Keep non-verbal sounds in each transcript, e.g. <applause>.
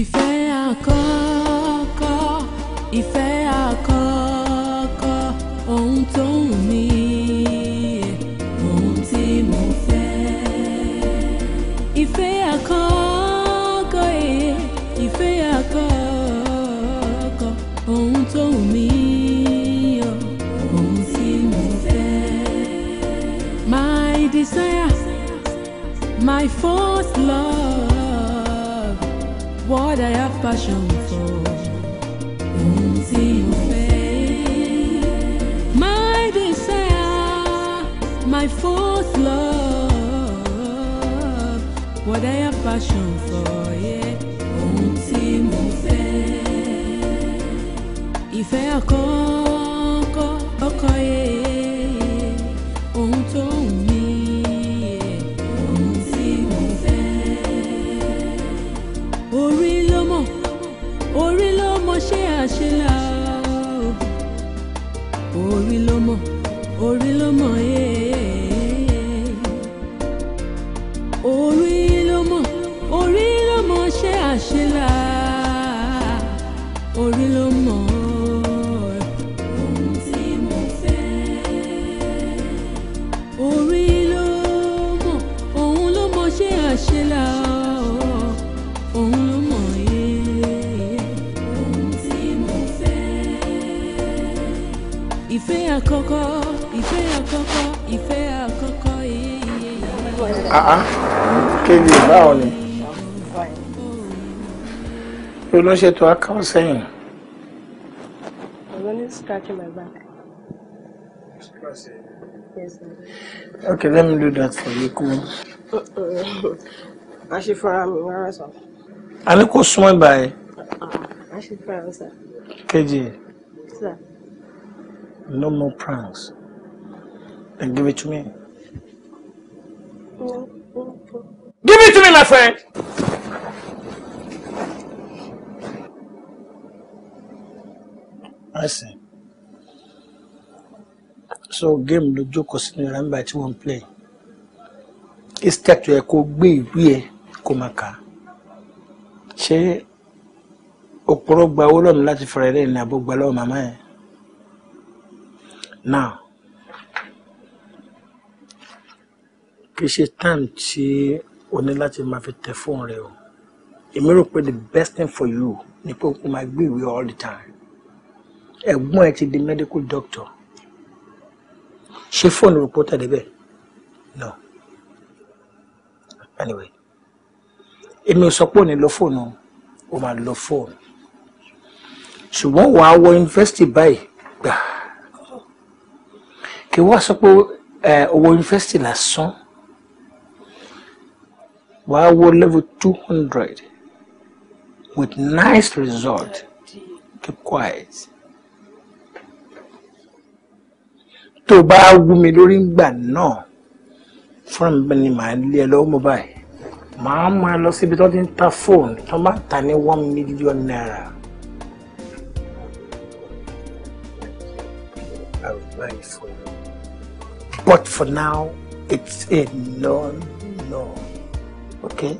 ìfẹ́. passion for yeah. ohun tí mo fẹ́. ìfẹ́ àkọ́kọ́ ọkọ yẹ ohun tó ń mi. ohun tí mo orí ló mọ̀ orí ló mọ̀ ṣé àkọ́kọ́ ìfẹ́ àkọ́kọ́ ìfẹ́ àkọ́kọ́ yìí. àá ah, ah. kéde báwo ni olóṣètò akáwọ sẹ́yìn. I'm only scratching my back. Okay, let me do that for you. Come on. I should fire me, where is I look so small by. I should fire, sir. KG. Sir. No more pranks. Then give it to me. Give it to me, my friend! I see. So game ló joke, sínú ìlànà nígbà tí wọ́n ń play. Instead tó yẹ kó gbé ìwé ẹ̀ kó máa kà á. Ṣé in a book below láti fara now kì í ṣe time tí o ní láti máa fi tẹ fóònù rẹ o èmi rò pé the best thing for you ni pé o máa gbé ìwé all the time ẹ̀gbọ́n ẹ ti di medical doctor ṣé fóònù rò pé ó tẹ̀lé bẹ́ẹ̀ no anyway èmi ò sọ pé ò ní lọ fóònù o máa lọ fóònù ṣùgbọ́n wàá wọ yunifásitì báyìí gbàá kí wọ́n sọ pé owó yunifásitì lásán wàá wọ level two hundred with nice result keep quiet. tó bá wú mi lórí ngbà náà fúnra mi bẹ́ẹ̀ ni màá lé ẹ lọ́wọ́ mọ́ báyìí màá máa lọ síbi tó ti ń ta fóònù tó bá ta ní one million naira. àrùn báyìí fún. But for now, it's a non no. Okay?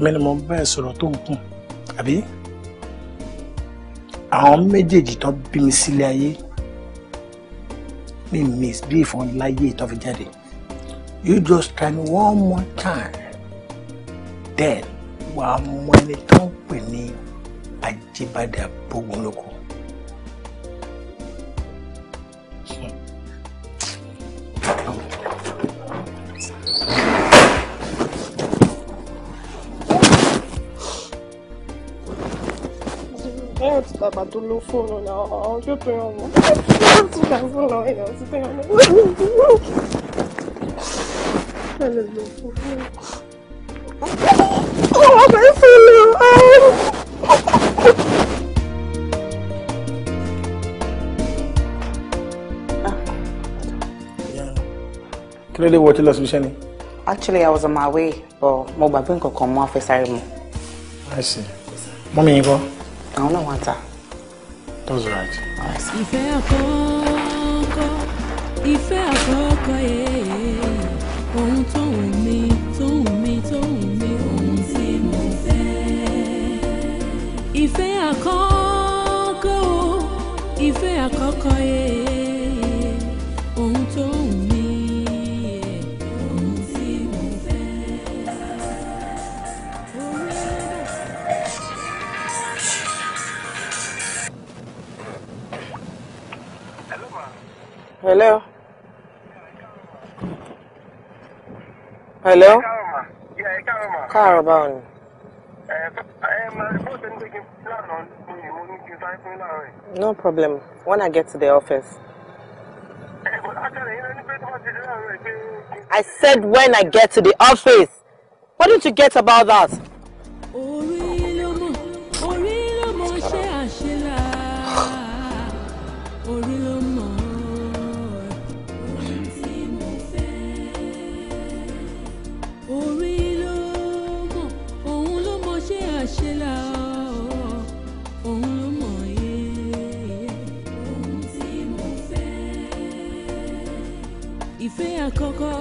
ìmẹ́ni mo bẹ́ẹ̀ sọ̀rọ̀ tó ń kùn àbí. àwọn méjèèjì tó bí mi sílé ayé mi misbehave wọn láyé tó fi jáde you just try me one more time then wàá mú ẹni tó ń pè ní Ajíbádé Abógunlóko. bàbá tó ló fóònù náà àwọn tó pè wọn mọ wọn tún kà fún lọ ẹyà sí pé wọn náà lè o. kí ló dé wọ Actually, I was on my way, but my gbàgbé nǹkan kan mọ́ afẹ́sáré I see. Mọ́mí yín kọ́. Àwọn náà wá ta. That's right. Ìfẹ́ àkọ́kọ́, ìfẹ́ eh, ohun tó wù mí, tó wù mí, tó wù mí, ohun tí mo fẹ́. Ìfẹ́ àkọ́kọ́, oh, ìfẹ́ àkọ́kọ́ yẹ. Eh, Hello. Hello. Káàárọ̀ No problem. When I get to the office. I said when I get to the office. What did you get about that? ìfẹ́ àkọ́kọ́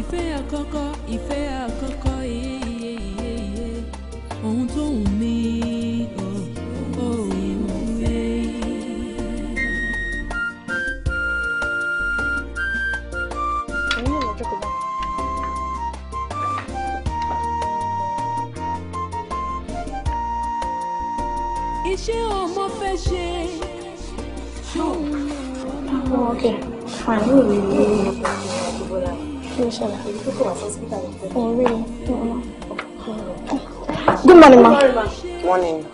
ìfẹ́ àkọ́kọ́ ìfẹ́ àkọ́kọ́ iye iye iye ohun tó wù mí ó ìwọ fẹ́. iṣẹ́ ọmọ fẹ́ ṣe. ṣé o máa wọ ọkẹ́ fine. really. Good morning, ma. Morning.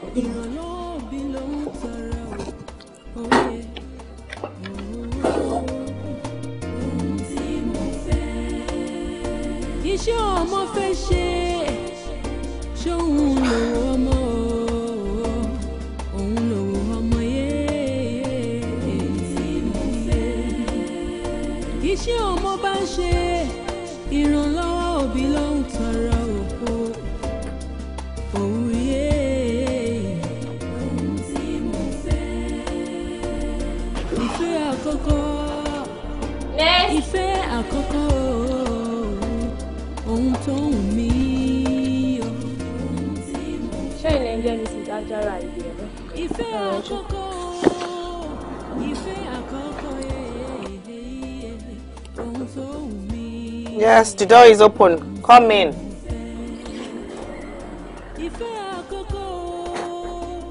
The door is open. Come in.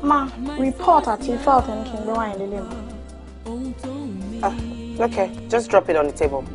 Ma, report at Ife Authentic Kingdom in the limo. Ah, okay, just drop it on the table.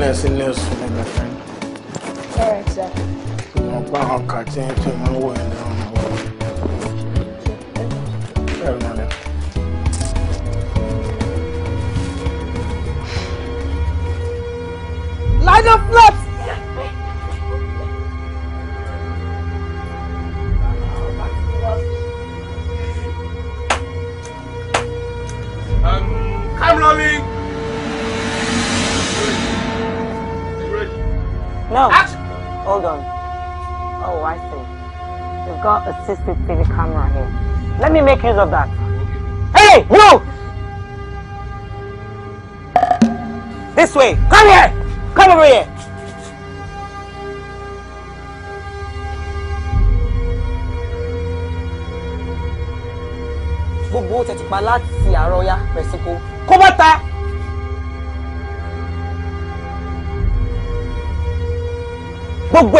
goodness in this.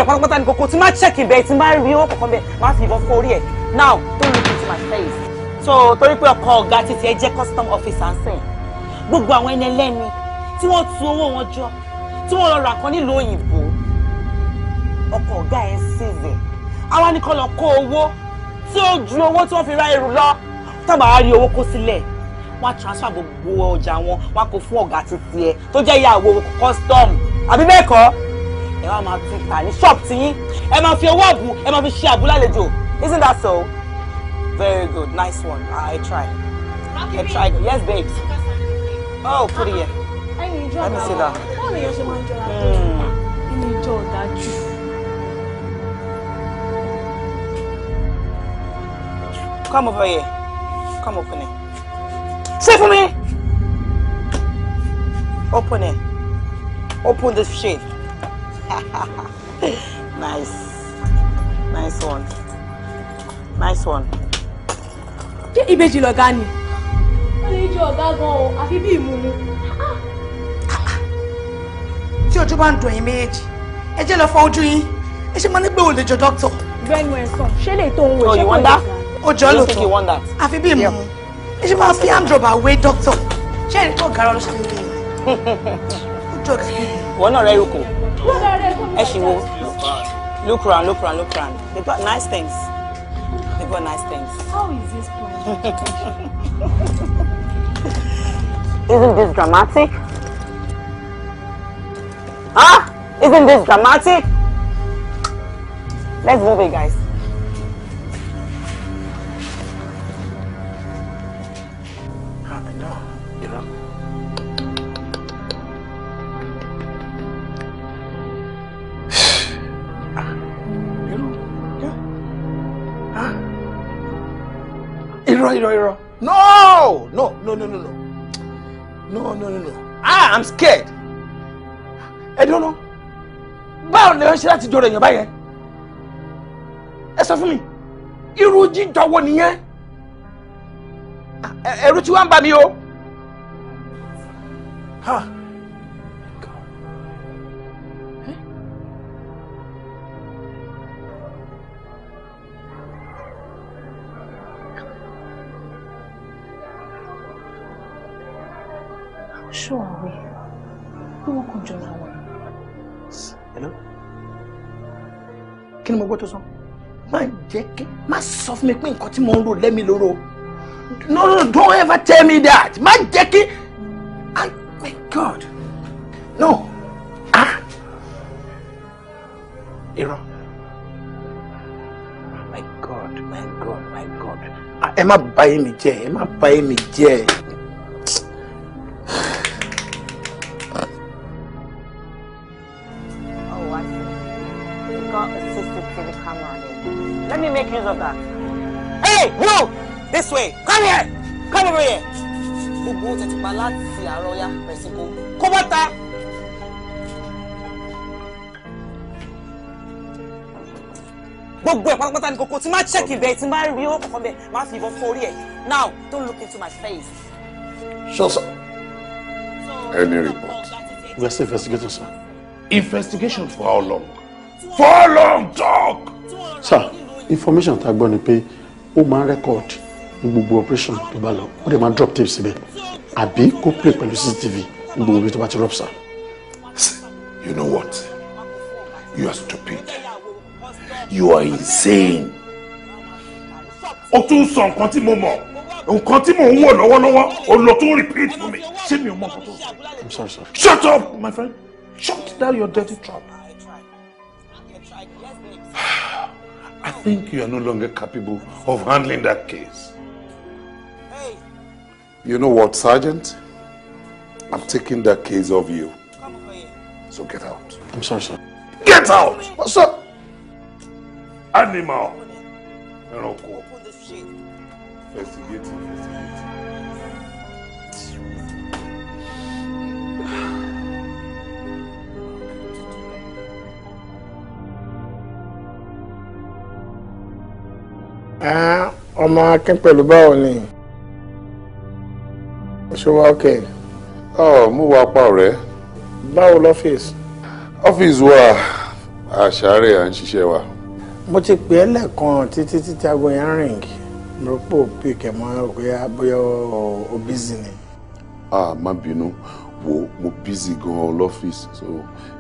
ẹ̀ pátápátá ní kòkó tí má chẹ́kì bẹ́ẹ̀ tí má rí owó kọ̀ọ̀kan bẹ́ẹ̀ má fi ìbọn fún orí ẹ̀ now don't look into my face so torí pé ọkọ ọ̀gá títí ẹ jẹ́ custom office ń sìn gbogbo àwọn ẹni ẹlẹ́ni tí wọ́n tu owó wọn jọ tí wọ́n lọ rà kan nílùú òyìnbó ọkọ ọ̀gá ẹ̀ ń ṣèṣe àwa ni kọ́ lọ kó owó tí ó ju owó tí wọ́n fi ra ẹrù lọ tábà á rí owó kó sílẹ̀ wọ́n á transfer gbogbo ọjà wọn wọ́n á kó fún ọ̀gá títí ẹ tó jẹ́ ìyàwó custom àbí bẹ́ẹ̀ kọ́ ẹ wá máa tún ta ní ṣọ́ọ̀bù tí yín ẹ máa fi owó ọ̀bùn ẹ máa fi ṣe àbúlálejò isn't that so? very good nice one I try I try yes babes oh put it here let me see that. báwo ni yóò ṣe máa ń jọra tó nínú ìjọ ọ̀dájú. come over here come open it ṣé fún mi open it open this shade. <laughs> nice. Nice one. Nice one. Ṣé ìbejì lọ̀gá ni? Wọ́n lè jẹ́ ọ̀gá gan-an àfi bí ìmúmu. Tí ojú bá ń dùn yín méjèèjì, ẹ jẹ́ lọ fọ ojú yín. Ẹ ṣe máa ń gbé òlejò dókítà. Bẹ́ẹ̀ni ẹ̀sán, ṣé lè tó òun wò ṣé kò lè gbà? Ó jọ àfi bí ìmúmu. Ẹ ṣe máa fi àǹdọ̀bà wé dókítà. Ṣé ẹ̀rí kò gara ọlọ́ṣà lórí ìwé? Ó jọ kí. Wọ́n náà rẹ́ yòókù ẹ ṣì wo look round look round look round they got nice things they got nice things. how is this plan. <laughs> isn't this dramatic? Huh? Ah! Isn't this dramatic? Let's move it, guys. No, no, no, no, no, no, no, no, no, no. Ah, I'm scared. Ẹ dúró. Báwo ni ẹ ṣe láti jọrọ èèyàn báyẹn? Ẹ sọ fún mi, irú jíjọ wo nìyẹn? Ẹ̀rù tí wọ́n ń bà o. Huh. ṣó àwẹ̀ pé wọ́n kàn jọra wọn. hello Can ni go to tó My má my soft make me fún mi pé nǹkan tí mo ń rò no no don't ever tell me that My jẹ́ i ah, my god no ah irọ́ my god my god my god ah, ẹ má bà me mi jẹ́ ẹ má bà yé make use of that. Hey, you! This way! Come here! Come over here! Gbogbo ó tẹ̀tí pa láti àárọ̀ ya pẹ̀sìnkó. Kó bọ́ta! Gbogbo ẹ̀ pátápátá ni kòkó tí máa check ibẹ̀ tí máa rí ọkọ̀ kan máa fi ìbọn fún ẹ̀. Now, don't look into my face. Sure, sir. Any report? We are still investigating, sir. Investigation for how long? For how long, talk, Sir, information tá a gbọ́ ni pé ó máa ń record ní gbogbo operation tó bá lọ ó dẹ̀ máa drop tape síbẹ̀ àbí kó play pẹ̀lú cctv ní gbogbo ibi tó bá ti rọ́pṣà. you know what you are stupid you are insane. o tún sọ nǹkan tí mo mọ̀ nǹkan tí mò ń wò lọ́wọ́lọ́wọ́ o lọ tún repeat for me. ṣé mi ò mọ nǹkan tó sọ. i'm sorry sir. shut up my friend shut down your dirty trap. think you are no longer capable of handling that case. Hey. You know what, Sergeant? I'm taking that case of you. So get out. I'm sorry, sir. Get out! What's up? Animal. Ẹranko. Investigate. Investigate. ọmọ akin pẹ̀lú báwo ni ṣé wá ọkẹ́. ọ mú wa pa ọ̀rẹ́. báwo lọ́fíìsì. ọ́fíìsì wa àṣàrẹ̀ à ń ṣiṣẹ́ wa. mo ti pè é lẹ́ẹ̀kan títí títí aago yẹn rìn mo pò pìkẹ́ mọ́ bóyá bóyá o bízì ni. a má bínú wo mo bízì gan-an lọ́fíìsì so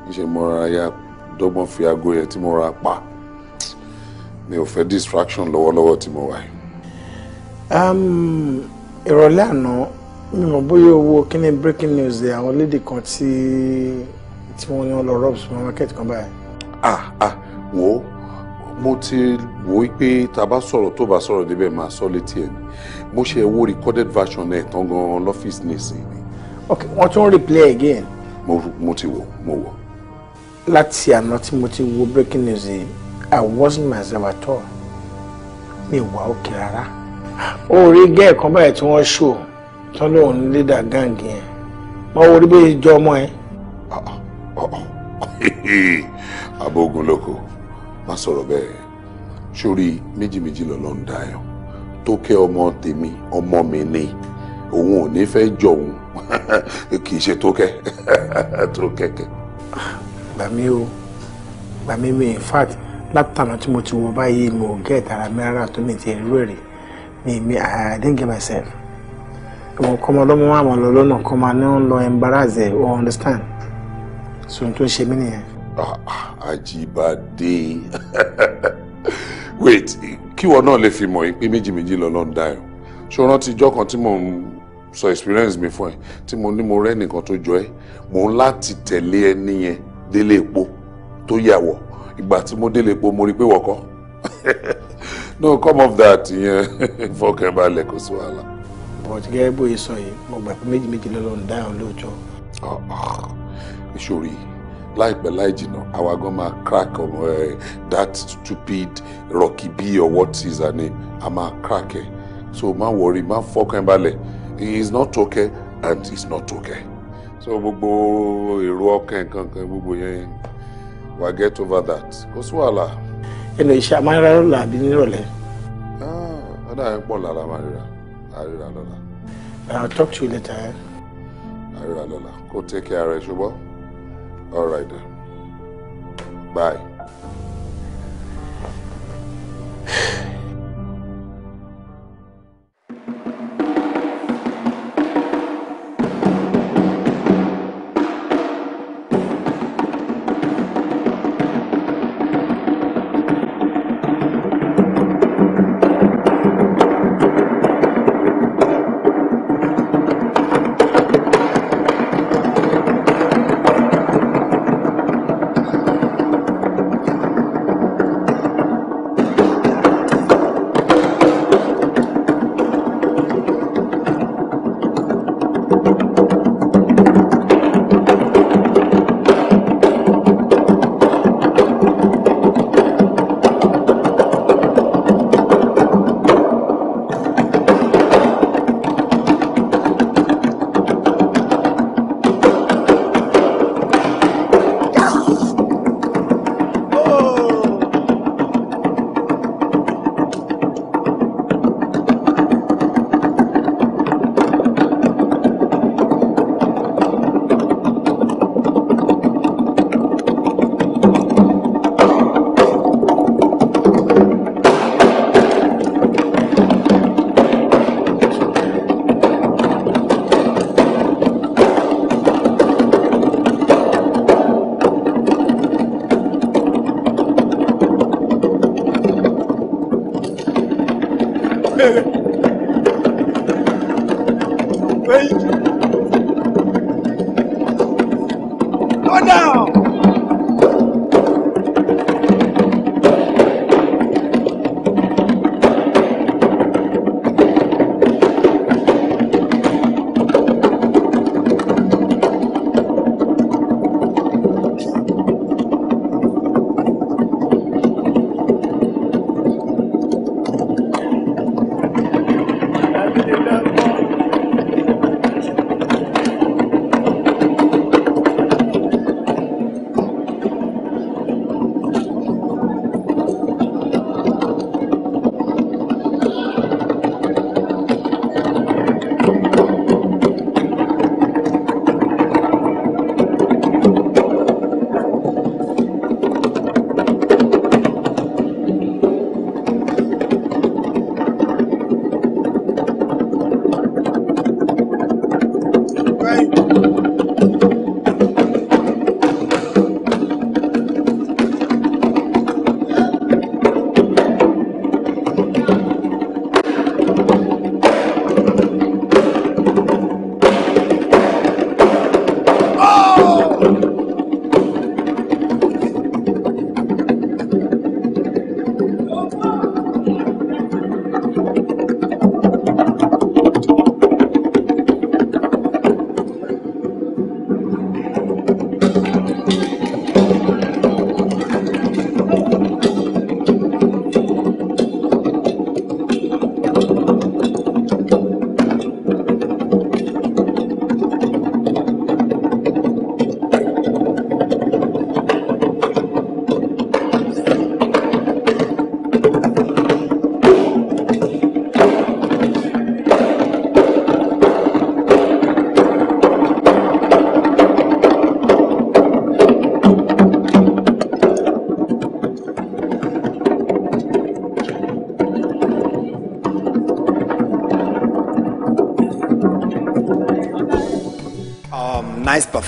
ń ṣe mọ́ra ya dọ́gbọ́n fi aago yẹn tí mo ra pa mi ò fẹ́ distraction lọ́wọ́lọ́wọ́ tí mo wà yìí. Um, ìrọ̀lẹ́ àná mi mọ̀ bóyá owó kíní breaking news dé àwọn lédè kan tí tí wọ́n ní wọ́n lọ rob supermarket kan báyìí. ah ah wo mo ti wò ó pé tá a bá sọ̀rọ̀ tó bá sọ̀rọ̀ débẹ̀ máa sọ létí ẹ̀ ni mo ṣe wo recorded version ẹ̀ tán gan-an lọ́fíìsì nísìnyí. ok wọ́n tún replay again. mo mo ti wò mo wò. láti àná tí mo ti wo breaking news yìí I wasn't myself at all mi wà òkè rárá. ó rí gẹ́ẹ̀ kan báyìí tí wọ́n ṣò tán lóun lédà gáǹgì yẹn wọ́n wo oríbẹ̀ ìjọ ọmọ ẹ. abogun <laughs> lóko má sọ̀rọ̀ bẹ́ẹ̀ sórí méjì méjì lọ́lọ́ ń dayọ̀ tó kẹ́ ọmọ tèmi ọmọ mi ni òun ò ní fẹ́ jọ òun <laughs> kì í ṣe tó kẹ́ <laughs> gbàmí o gbàmí mi in fact látànà tí mo ti wọ báyìí mo gẹ́ ìtara mẹ́rànlá tó mi ti rú èrè mi mi I didn't get myself. Ìwọ̀n kọ́ ọmọ ọlọ́mọ wa mọ̀ lọ lọ́nà kọ́ máa ní ń lọ embarrass ẹ̀ o understand. So n tó ṣe mí nìyẹn. Ah, ah, Àjíbádé <laughs> wait kíwọ náà lè fi mọ̀ pé méjì méjì lọ́lọ́ ń dá ẹ̀ ṣó rántí ijọ́ kan tí mò ń sọ experience mi fún ẹ tí mo ní mo rẹ́ nìkan tó jọ ẹ́ mò ń láti tẹ̀lé ẹ níyẹn délé epo tó yàwọ̀ ìgbà tí mo délé po mo rí pé wọ̀kọ́ no come off that ìyẹn fọkànbalẹ̀ kò sí wàhálà. but gẹ́gẹ́ bóyá sọ yìí mo gbà pé méjì méjì lọ́lọ́run dá ọ lóòótọ́. Ah, ah, ìṣòro yìí láìpẹ́ láì jìnnà àwa gan máa crack um, that stupid rocky B or what is her name a máa crack ẹ̀ so má worry má fọkànbalẹ̀ he is not okay and he is not okay so gbogbo èrò ọkàn kankan gbogbo yẹn we'll get over that kò sí wàhálà. ẹnu iṣẹ́ amáyára lọ́la àbí nírọ̀lẹ́. ọ̀dà ah, yẹn pọ̀ lára máa ríra àríra lọ́la. I'll talk to you later. Eh? àríra lọ́la kó take care ẹ ṣùgbọ́n all right then bye.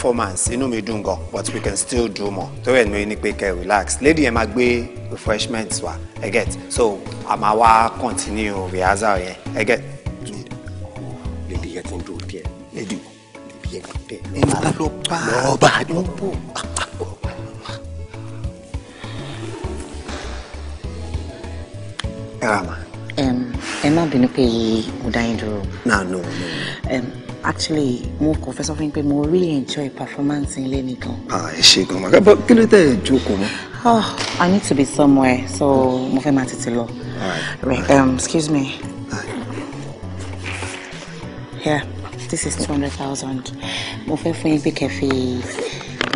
performance inú mi dùn gan but we can still do more torí ẹ̀ ní ní pé kẹ́ relax lady yẹn máa gbé refreshments wa ẹ get so àmà wa continue rehearsal yẹn ẹ get fẹ́ sọ fún mi pé mo really enjoy performance ń lé ní gan. ẹ ṣe gan màkà bọ kí ló tẹ ẹ jókòó oh i need to be somewhere so mo fẹ́ máa tètè lọ. right um, excuse me. Here, this is two hundred thousand mo fẹ́ fún yín pé kẹfì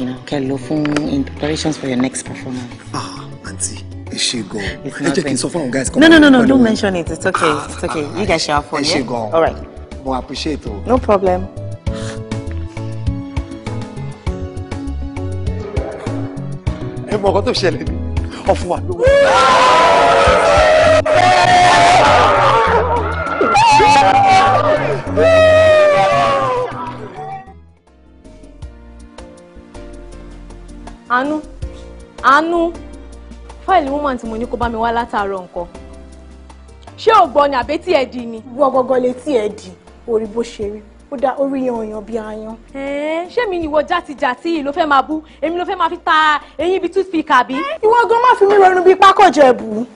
you know kẹ lò fún in preparations for your next performance. ah aunty ẹ ṣe gan ẹ jẹ́ kí n sọ fún àwọn guys. no no no no don't mention it it's okay it's okay you guys ṣe àfọ yẹn. ẹ ṣe gan all right. Mo appreciate o. No problem. mọ̀ ọ̀kan tó ṣẹlẹ̀ ni ọ̀fun wà lówó. àánú àánú fáìlì woman tí mo ní kó bá mi wá látàárọ̀ nǹkan ṣé ò gbọ́ ni àbẹ́tí ẹ̀ di ni. wọ́n gọ́gọ́ létí ẹ̀ di orí bó ṣe rí ó da orí yan òyàn bíi ayan. ṣé mi ni ìwọ játijàti yìí ló fẹ́ máa bú èmi ló fẹ́ máa fi ta eyín bíi toothpick àbí. ìwọ gan má fi mí rọrùn bíi pákọ̀jẹ̀ bù.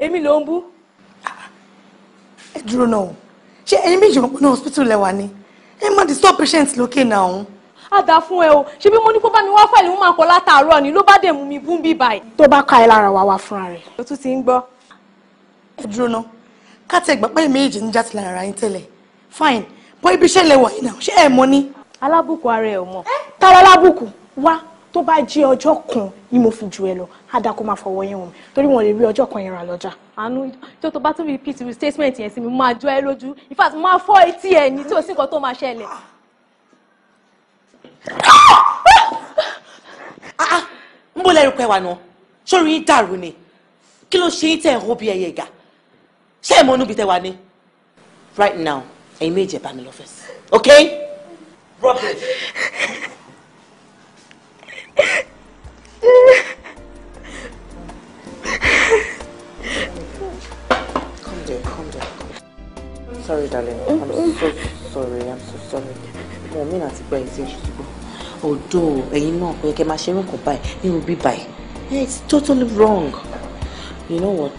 èmi ló ń bú. ẹ dúró náà o ṣé ẹyin méjì rọpò náà hospital lẹwà ni ẹ má disturb patient lókè náà o. a dà fún ẹ o ṣé bí mo ní kó bá mi wá fàìlì mo máa kọ látàárọ̀ ni ló bá dẹ̀ mú mi bú bí báyìí. tó bá ka ẹ lára wa wá fúnra rẹ̀. o tún ti ń gbọ́. ẹ dúró náà ká tẹ ìgbà pé fine bọ́ ibi iṣẹ́ lẹ wọ̀ yìí náà ṣé ẹ̀ mọ ni. alábùkù ara ẹ̀ ò mọ̀. tara alábùkù wá tó bá jí ọjọ́ kan ni mo fi jù ẹ lọ ada kó máa fọwọ́ yẹn wọn torí wọn lè rí ọjọ́ kan yẹn rà lọ́jà. àánú tó tó bá tún repeat with statement yẹn sí mi máa jọ ẹ lójú in fact máa fọ́ etí ẹ ní tí ò sí nǹkan tó máa ṣẹlẹ̀. ń ah! ah, ah, bọ́ lẹ́rù pẹ́ wa náà sórí yín dàrú ni kí ló ṣe yín tẹ̀ ń bí ẹyẹ ìgà ṣé ẹ̀ mọ́nú bí tẹ̀ wá ní right now ẹ̀yin méje bá mi lọ fẹ́ sí ok Come there, come there, come there. Sorry, darling. I'm so sorry. I'm so sorry. Mo mi na ti gba ẹsẹ ṣùgbọ́. Odo ẹ̀yin náà pé kẹ́ máa ṣe irú nǹkan báyìí nínú bíbá ẹ̀. It's totally wrong. You know what?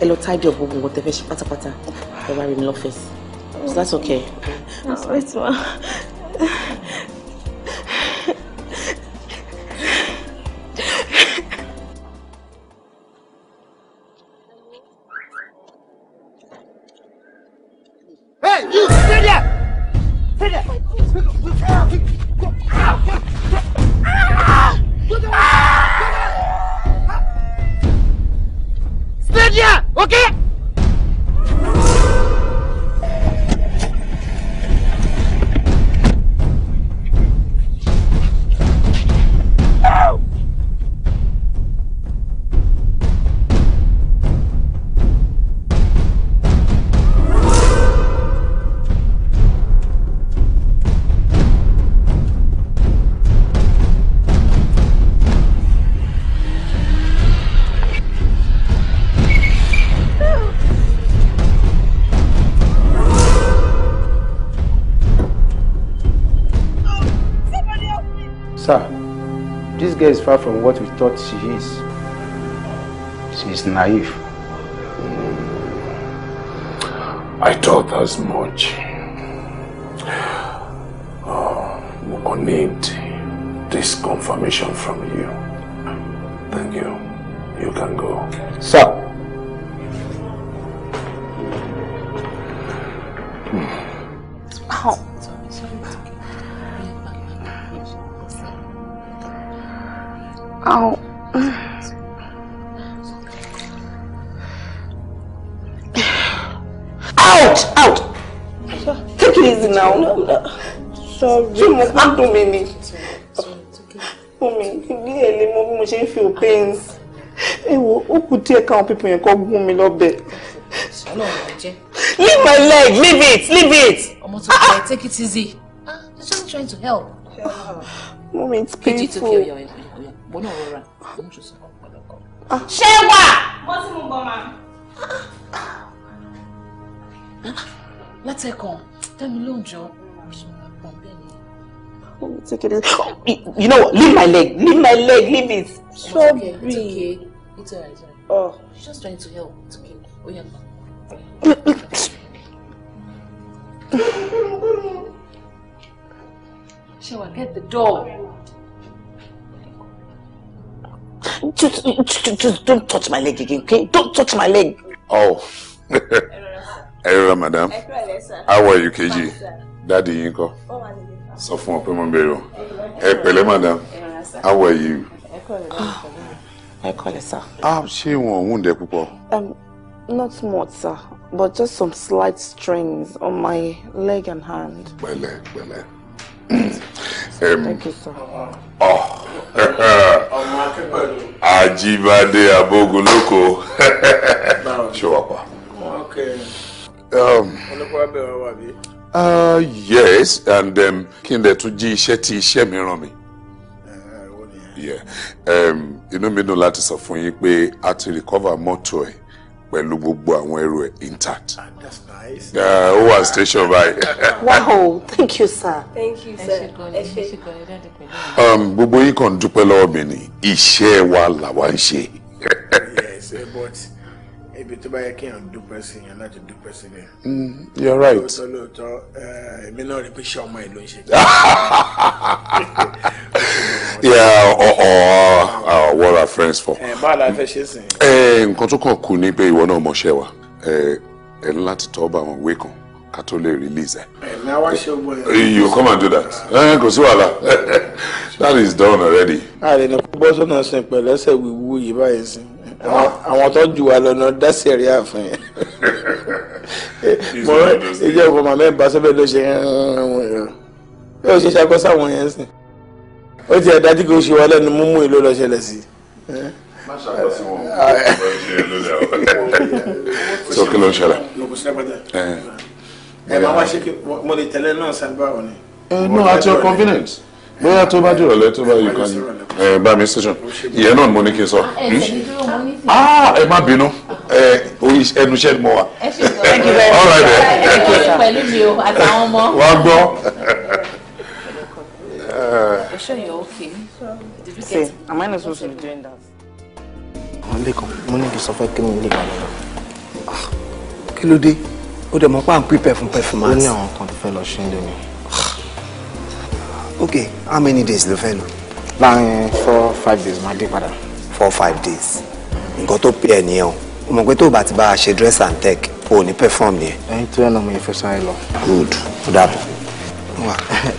Ẹ lọ tidy up gbogbo nǹkan tẹ́ fẹ́ ṣe pátápátá. Ẹ bá rí mi lọ́fẹ̀ẹ́sì. Is that okay? I'm sorry, ma. is far from what we thought she is. She is naive. Mm. I thought as much. Oh, we need this confirmation from you. Thank you. You can go. Sir. Ow. Out! Out! Take it easy now. No, no. Sorry. Ṣé mo kún dùn mí ni? Omi ní èlé mo bí mo ṣe ń fi pains. Ẹ wo, ó kù díẹ̀ káwọn pípọ̀ yẹn kọ́ gún mi Leave my leg, leave it, leave it. Ọmọ tó kẹ́, take it easy. Ah, I'm just trying to help. Mommy, it's painful. Pidgey took care your bọ́nà rọra mo ń ṣòṣì kan pọ̀lọ́kọ̀. ṣé wà. wọ́n ti mú bọ́mà. látẹ̀kàn Take it you know what? Leave my leg. Leave my leg. Leave it. It's okay. It's okay. It's alright. Oh. She's just trying to help. It's okay. Oh yeah. Shower. Get the door. Just, just, just don't touch my leg again, okay? Don't touch my leg. Oh. Erora <laughs> madam. How are you, KG? Daddy yín kọ́. Sọ fún ọ pé mo ń bèrè madam. How are you? Ẹ kọ́lẹ̀ sá. Ah, ṣé wọn ò wúndẹ̀ Um, Not much, sir, but just some slight strains on my leg and hand. My leg. My leg. Ajíbádé Abógunlóko ṣọwọ́pá. ọlọ́pàá bẹ̀rẹ̀ wà bí. Uh, yes and um, kí n dẹ̀ tún jí iṣẹ́ tí iṣẹ́ mi ràn mí. Eh, um, inú mi dùn láti sọ fún yín pé a ti recover mọ́tò ẹ̀ pẹ̀lú gbogbo àwọn ẹrù ẹ̀ intact. Ah, that's nice. Who ah, wà station by? <laughs> wow thank you sir. thank you sir ẹ ṣe gan-an. Um, gbogbo yín kàn dúpẹ́ lọ́wọ́ mi ni iṣẹ́ wa làwa ń ṣe. yes eh, but ibi tó bá yẹ kí èèyàn dúpẹ́ sí yẹn láti dúpẹ́ sí rẹ̀. Mm, you're right. lóòótọ́ lóòótọ́ eh, èmi náà rí pé ọmọ ìlú ń ṣe. <laughs> yeah oh, what are friends for. Eh, báwo la fẹ́ ṣe sìn. Eh, nǹkan tó kàn kú ni pé ìwọ náà mọṣẹ́ wa ẹ ní láti tọ́ bá àwọn ìwé kan ká tó lè release ẹ. ẹ̀mí àwa ṣe ogun ẹ̀. you come and do that. ẹ kò sí wàhálà <laughs> that is done already. a lè ní gbọ́sọ̀nà sìn pẹ̀lẹ́sẹ̀ wíwú yìí báyìí sí àwọn tó jù wá lọ́nà dá sẹ̀ríà fún yẹn mo ìjọ ìfọ màmá ẹ̀ bá sọ́bẹ̀ ló ṣe ẹ̀hún ẹ̀hún yóò ṣe ṣàkó sáwọn yẹn sìn ó ti ẹ̀ dájú kí o ṣe wá lẹ́nu múmú ìlú lọ ṣẹlẹ̀ sí i. sọ kí ló ń ṣẹlẹ̀. Eh. ẹ máa wá ṣe kí mo lè tẹ̀lé náà sàgbà òní. Eh, no at your convenience bóyá tó bá dìrọ̀lẹ́ tó bá yìí kan ẹ bá mi station ìyẹn náà ni mo ní kí n sọ. ẹ ah, má bínú ẹnu iṣẹ́ ni mo wà. ẹ ṣe sọ ẹ pẹ̀lú mi o àtàwọn ọmọ. wá gbọ́. I'm sure you're okay. Did you get? See, am I not supposed to be doing that? Wọ́n lè kàn mo ní kí n sọ fẹ́ kí mi lè wà lọ́wọ́. Kí ló dé? Ó dẹ̀ mọ́ pa à ń pípẹ́ fún pẹ́fúmánsì. kan tó fẹ́ lọ ṣe ń mi okay how many days ló fẹ́ láàrin four five days máa dé padà. four five days nǹkan tó pè ẹ́ nìyẹn o o mọ̀ pé tó o bá ti bá a ṣe dress and tech o ò ní perform nìyẹn. ẹyin tó yẹn náà mo yẹ fẹ́ sáré lọ. good ó dàbọ̀.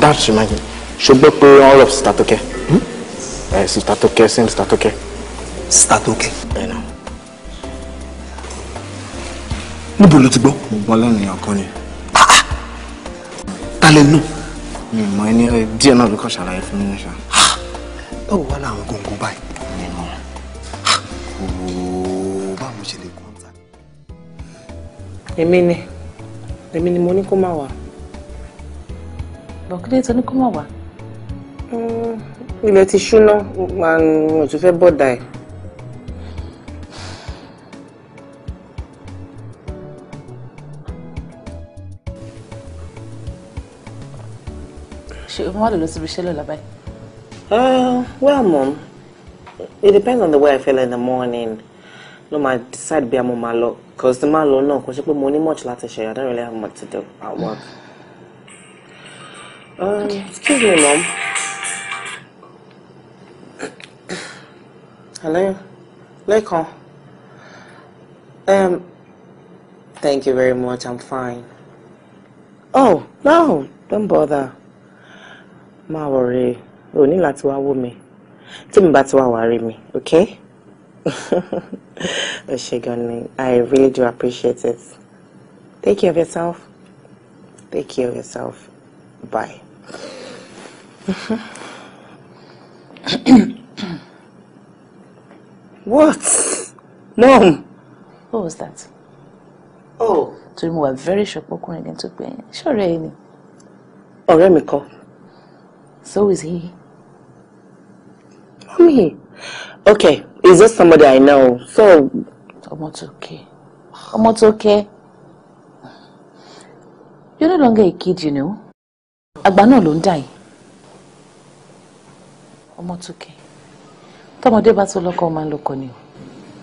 dáàbò ṣe máa ń ṣọgbẹ́ pé wọ́n rọ̀ síta tó kẹ́ hmm? eh, síta tó kẹ́ same síta tó kẹ́. síta tó kẹ́. níbo ló ti gbọ́. mo gbọ́ lẹ́nu ìyàn kan ni. Ah, ah. ta lè nù. No? mi mọ ẹni eh, díẹ̀ náà ló kàn ṣàlàyé fún mi ní ṣá. báwo wá láwọn gbòǹgbò báyìí. mi mọ ooo báwo ṣe lè kún ta. èmi ni èmi ni mo ní kó má wà. bọ̀kúndé tó ní kó má wà. Hmm, ilẹ̀ ti ṣúná màá tún fẹ́ bọ̀dà ẹ̀. mo wá lè lọ well mom it depends on the way I feel in the morning No, máa decide be a mo cause the máa no, náà kò ṣe pé mo ní much láti ṣe I don't really have much to do at work. Um, excuse me mom. Hello, Lekan. Um, thank you very much. I'm fine. Oh no, don't bother má wọ̀rẹ́ o ní láti wá wò mí tí mi bá ti wá wàá rí mi ok <laughs> ẹ ṣé gan I really do appreciate it take care of yourself take care of yourself bye. <coughs> What? Mom! Who was that? Oh. To mo wà very sure pé ọkùnrin ẹni tó pè é. Ṣé ẹ ni? Ọ̀rẹ́ mi kọ́. So is he. Mommy. Okay, is this somebody I know? So. Almost okay. Almost okay. You're no longer a kid, you know. Àgbà náà ló ń dà yìí. Almost okay. Tọ́mọdé bá tó lọ́kọ máa ń lọ́kọ ni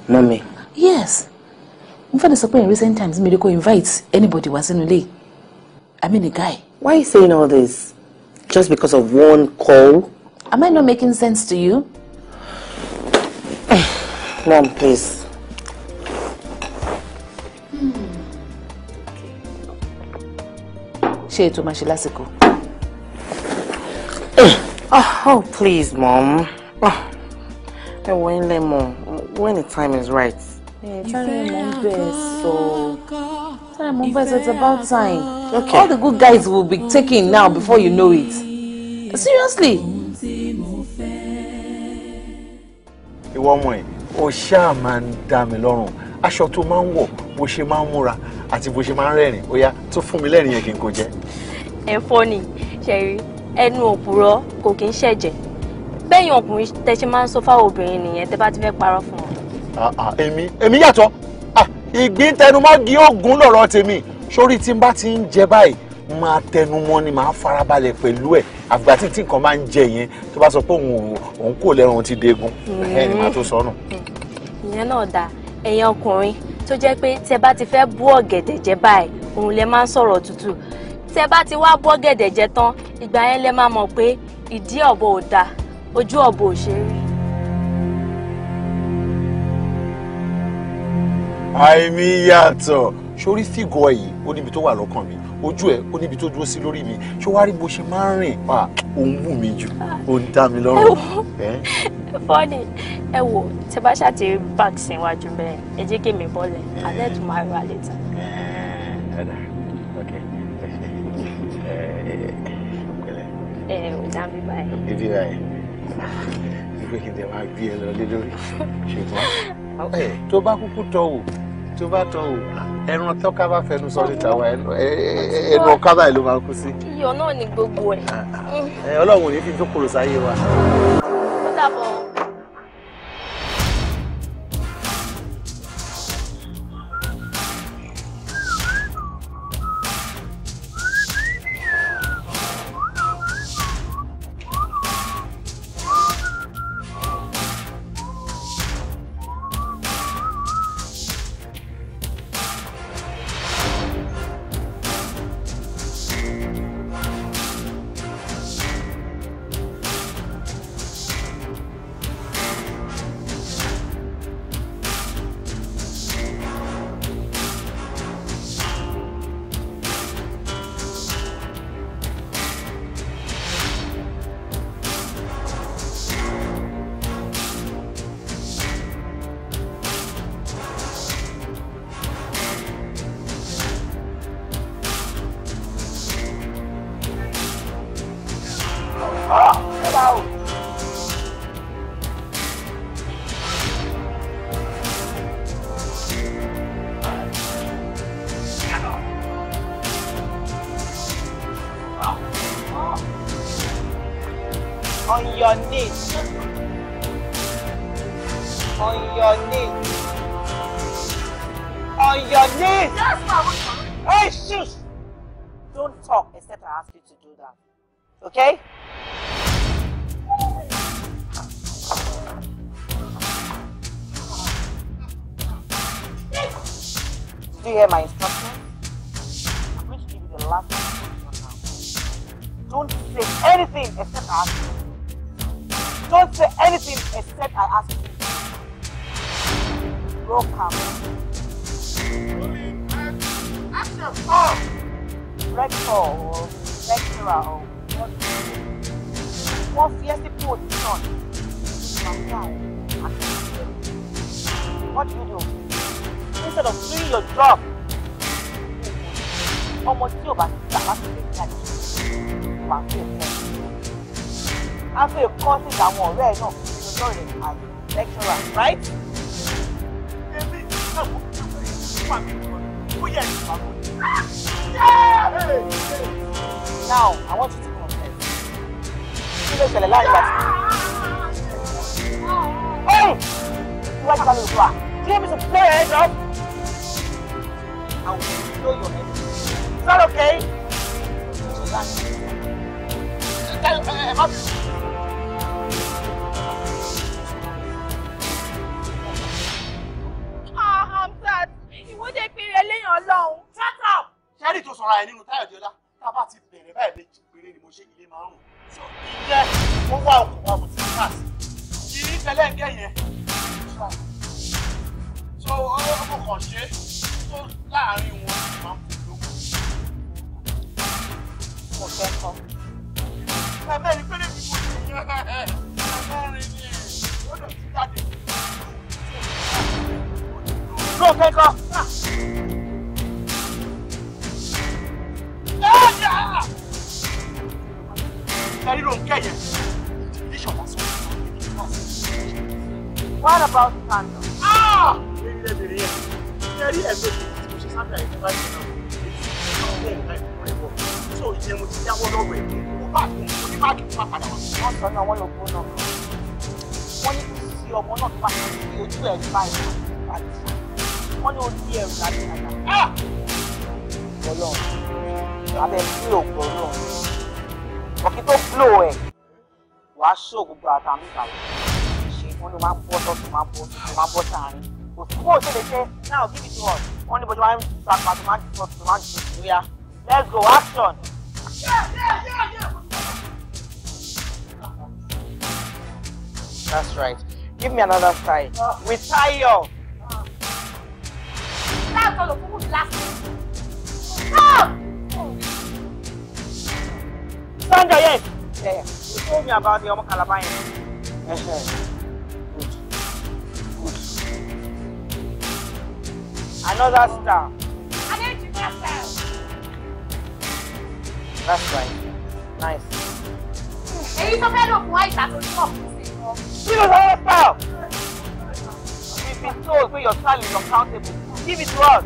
Mommy. Yes. Mo fẹ́ lè sọ in recent times mi rí invite anybody wá sínú I mean a guy. Why are you saying all this? just because of one call. Am I not making sense to you? Mom, please. Ṣé ètò ah, Oh, please, Mom. When ah, wọ when the time is right. Ẹ sáré sọ. Sorry, Mumbai, so it's about time. Okay. All the good guys will be taken now before you know it. Seriously. Ìwọ ọmọ yìí, o ṣáà máa ń dá mi lọ́rùn. Aṣọ tó máa ń wọ̀, bó ṣe máa ń múra, àti bó ṣe máa ń rẹ́rìn. Ó yá, tó fún mi lẹ́rìn yẹn kí n kò jẹ. Ẹ fọ́ ni, ṣẹ̀rí, ẹnu òpùrọ̀ kò kí ń ṣẹ̀jẹ̀. Bẹ́yìn ọkùnrin tẹ ṣe máa ń sọ fáwọn obìnrin nìyẹn tẹ bá ti fẹ́ parọ́ fún wọn. Ah, ah, èmi yàtọ̀ ìgbín tẹnumọ́gi ògún lọ̀rọ̀ tèmi sórí tí n bá ti ń jẹ báyìí máa tẹnumọ́ ni máa farabalẹ̀ pẹ̀lú ẹ̀ àfìgbà tí tí nǹkan máa ń jẹ yẹn tó bá sọ pé òun òun kò lẹ́rùn ti dégun ẹni máa tó sọnù. ìyẹn náà dáa ẹ̀yin ọkùnrin tó jẹ́ pé tẹ bá ti fẹ́ bú ọ̀gẹ̀dẹ̀ jẹ báyìí òun lẹ máa ń sọ̀rọ̀ tútù tẹ bá ti wá bú ọ̀gẹ̀dẹ̀ jẹ tán ìgbà yẹn lẹ máa mọ̀ pé ìdí ọ̀bọ ò dáa ojú ọ̀bọ ò ṣe rí. àìmí yàtọ̀ sórí fígọ yìí ó níbi tó wà lọ́kàn mi ojú ẹ ó níbi tó dúró sí lórí mi ṣé wàá rí bó ṣe máa ń rìn pa òun wù mí jù ó ń dá mi lọ́rùn. fọ́ọ̀nì ẹ wò tí bá ṣáà ti rí báàgì sí iwájú bẹ́ẹ̀ ẹ jẹ́ kí èmi bọ́lẹ̀ alẹ́ tó máa ra létà. ẹ ò dá mi báyìí. ibi báyìí ìgbékèdè wa gbé ẹ lọ lé lórí ṣùgbọ́n <laughs> tó bá kúkú tọ̀ wò tó bá tọ o ẹran tọ́ka bá fẹnu sọ níta wa ẹnu ọ̀ká báyìí ló máa kú sí. iyọ̀ náà ni gbogbo ẹ̀. Ah, ah. ọlọ́run ò ní fi tó kòrò sáyé wa. ó dàbọ̀. now i want you to confess kí ló ṣẹlẹ̀ láàrin ìgbà tí. ẹ̀yìn iwájú ta ló you want me to play? your head off? i will blow your head off. is that okay? so that's it. ẹ ẹ má sọra ẹ nínú táyọ̀ díọ́lá tá a bá ti bẹ̀rẹ̀ báyìí méjì péré ni mo ṣe ilé márùn-ún tó ìyẹn ó wà òkú wa kò sí káàsì kì í tẹ́lẹ̀ ń gẹ̀yẹn tó ọmọ kan ṣe tó láàárín wọn máa ń kú lóko ọ̀sẹ̀ kan ẹ̀mẹ́ ni péré fi kú ní ẹ̀ẹ́rin ni ó lè ti jáde. Go, take off! Very wrong, Kenya. This one What about Sandra? Ah! Very very very very She's under So it's a multi-level over. Back home, put it back in Papa. Wọ́n sọ náà wọ́n lọ gbó náà. Wọ́n ní kò sí ọmọ náà tó bá ti di ojú ẹ̀ báyìí. Wọ́n ní ojú ẹ̀rù láti àgbà ọlọ́run flow pọ̀ ọlọ́run ọ̀kí tó flow ẹ̀ wàá ṣó gbogbo àtàmì ìtàwé ṣe wọn ló máa ń bọ́ sọ́tún máa ń bọ́ sọ́tún máa kò sí bó ṣe lè ṣe náà give it to us wọn ní bó ṣe máa ń pàtó máa ń ti sọ́tún máa ń ti sùn let's go action. That's right. Give me another tie. Uh, tie up. That's all the food Sandra, yes. Yeah, yeah. You told me about the Omo Calabar. Good. Good. Another star. Another star. That's right. Nice. Hey, you fẹ́ lò fún àìsàn tó ní ọ̀pọ̀ sí wọn. Kí ló We've been told pé your style is accountable. Give it to us.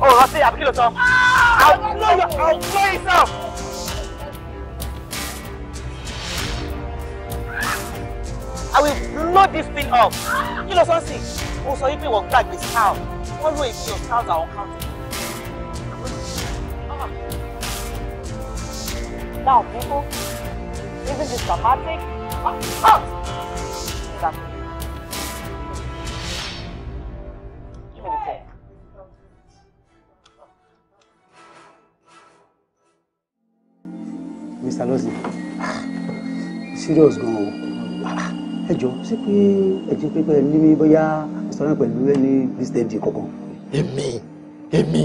Oh, that's it. Ah! I'll kill yourself. I'll blow you. I'll blow yourself. I will blow this thing up. Kí ló sọ sí? if sọ wípé wọ́n this cow, Wọ́n lo èmi ò cows are kan. Now people, isn't this dramatic, ah, ah, Mr. Lozzy ah, serious gan o ah, ẹ jọ sí pé ẹ jẹ pé pẹ̀lú ní bóyá restaurant pẹ̀lú ẹni business day kankan. èmi èmi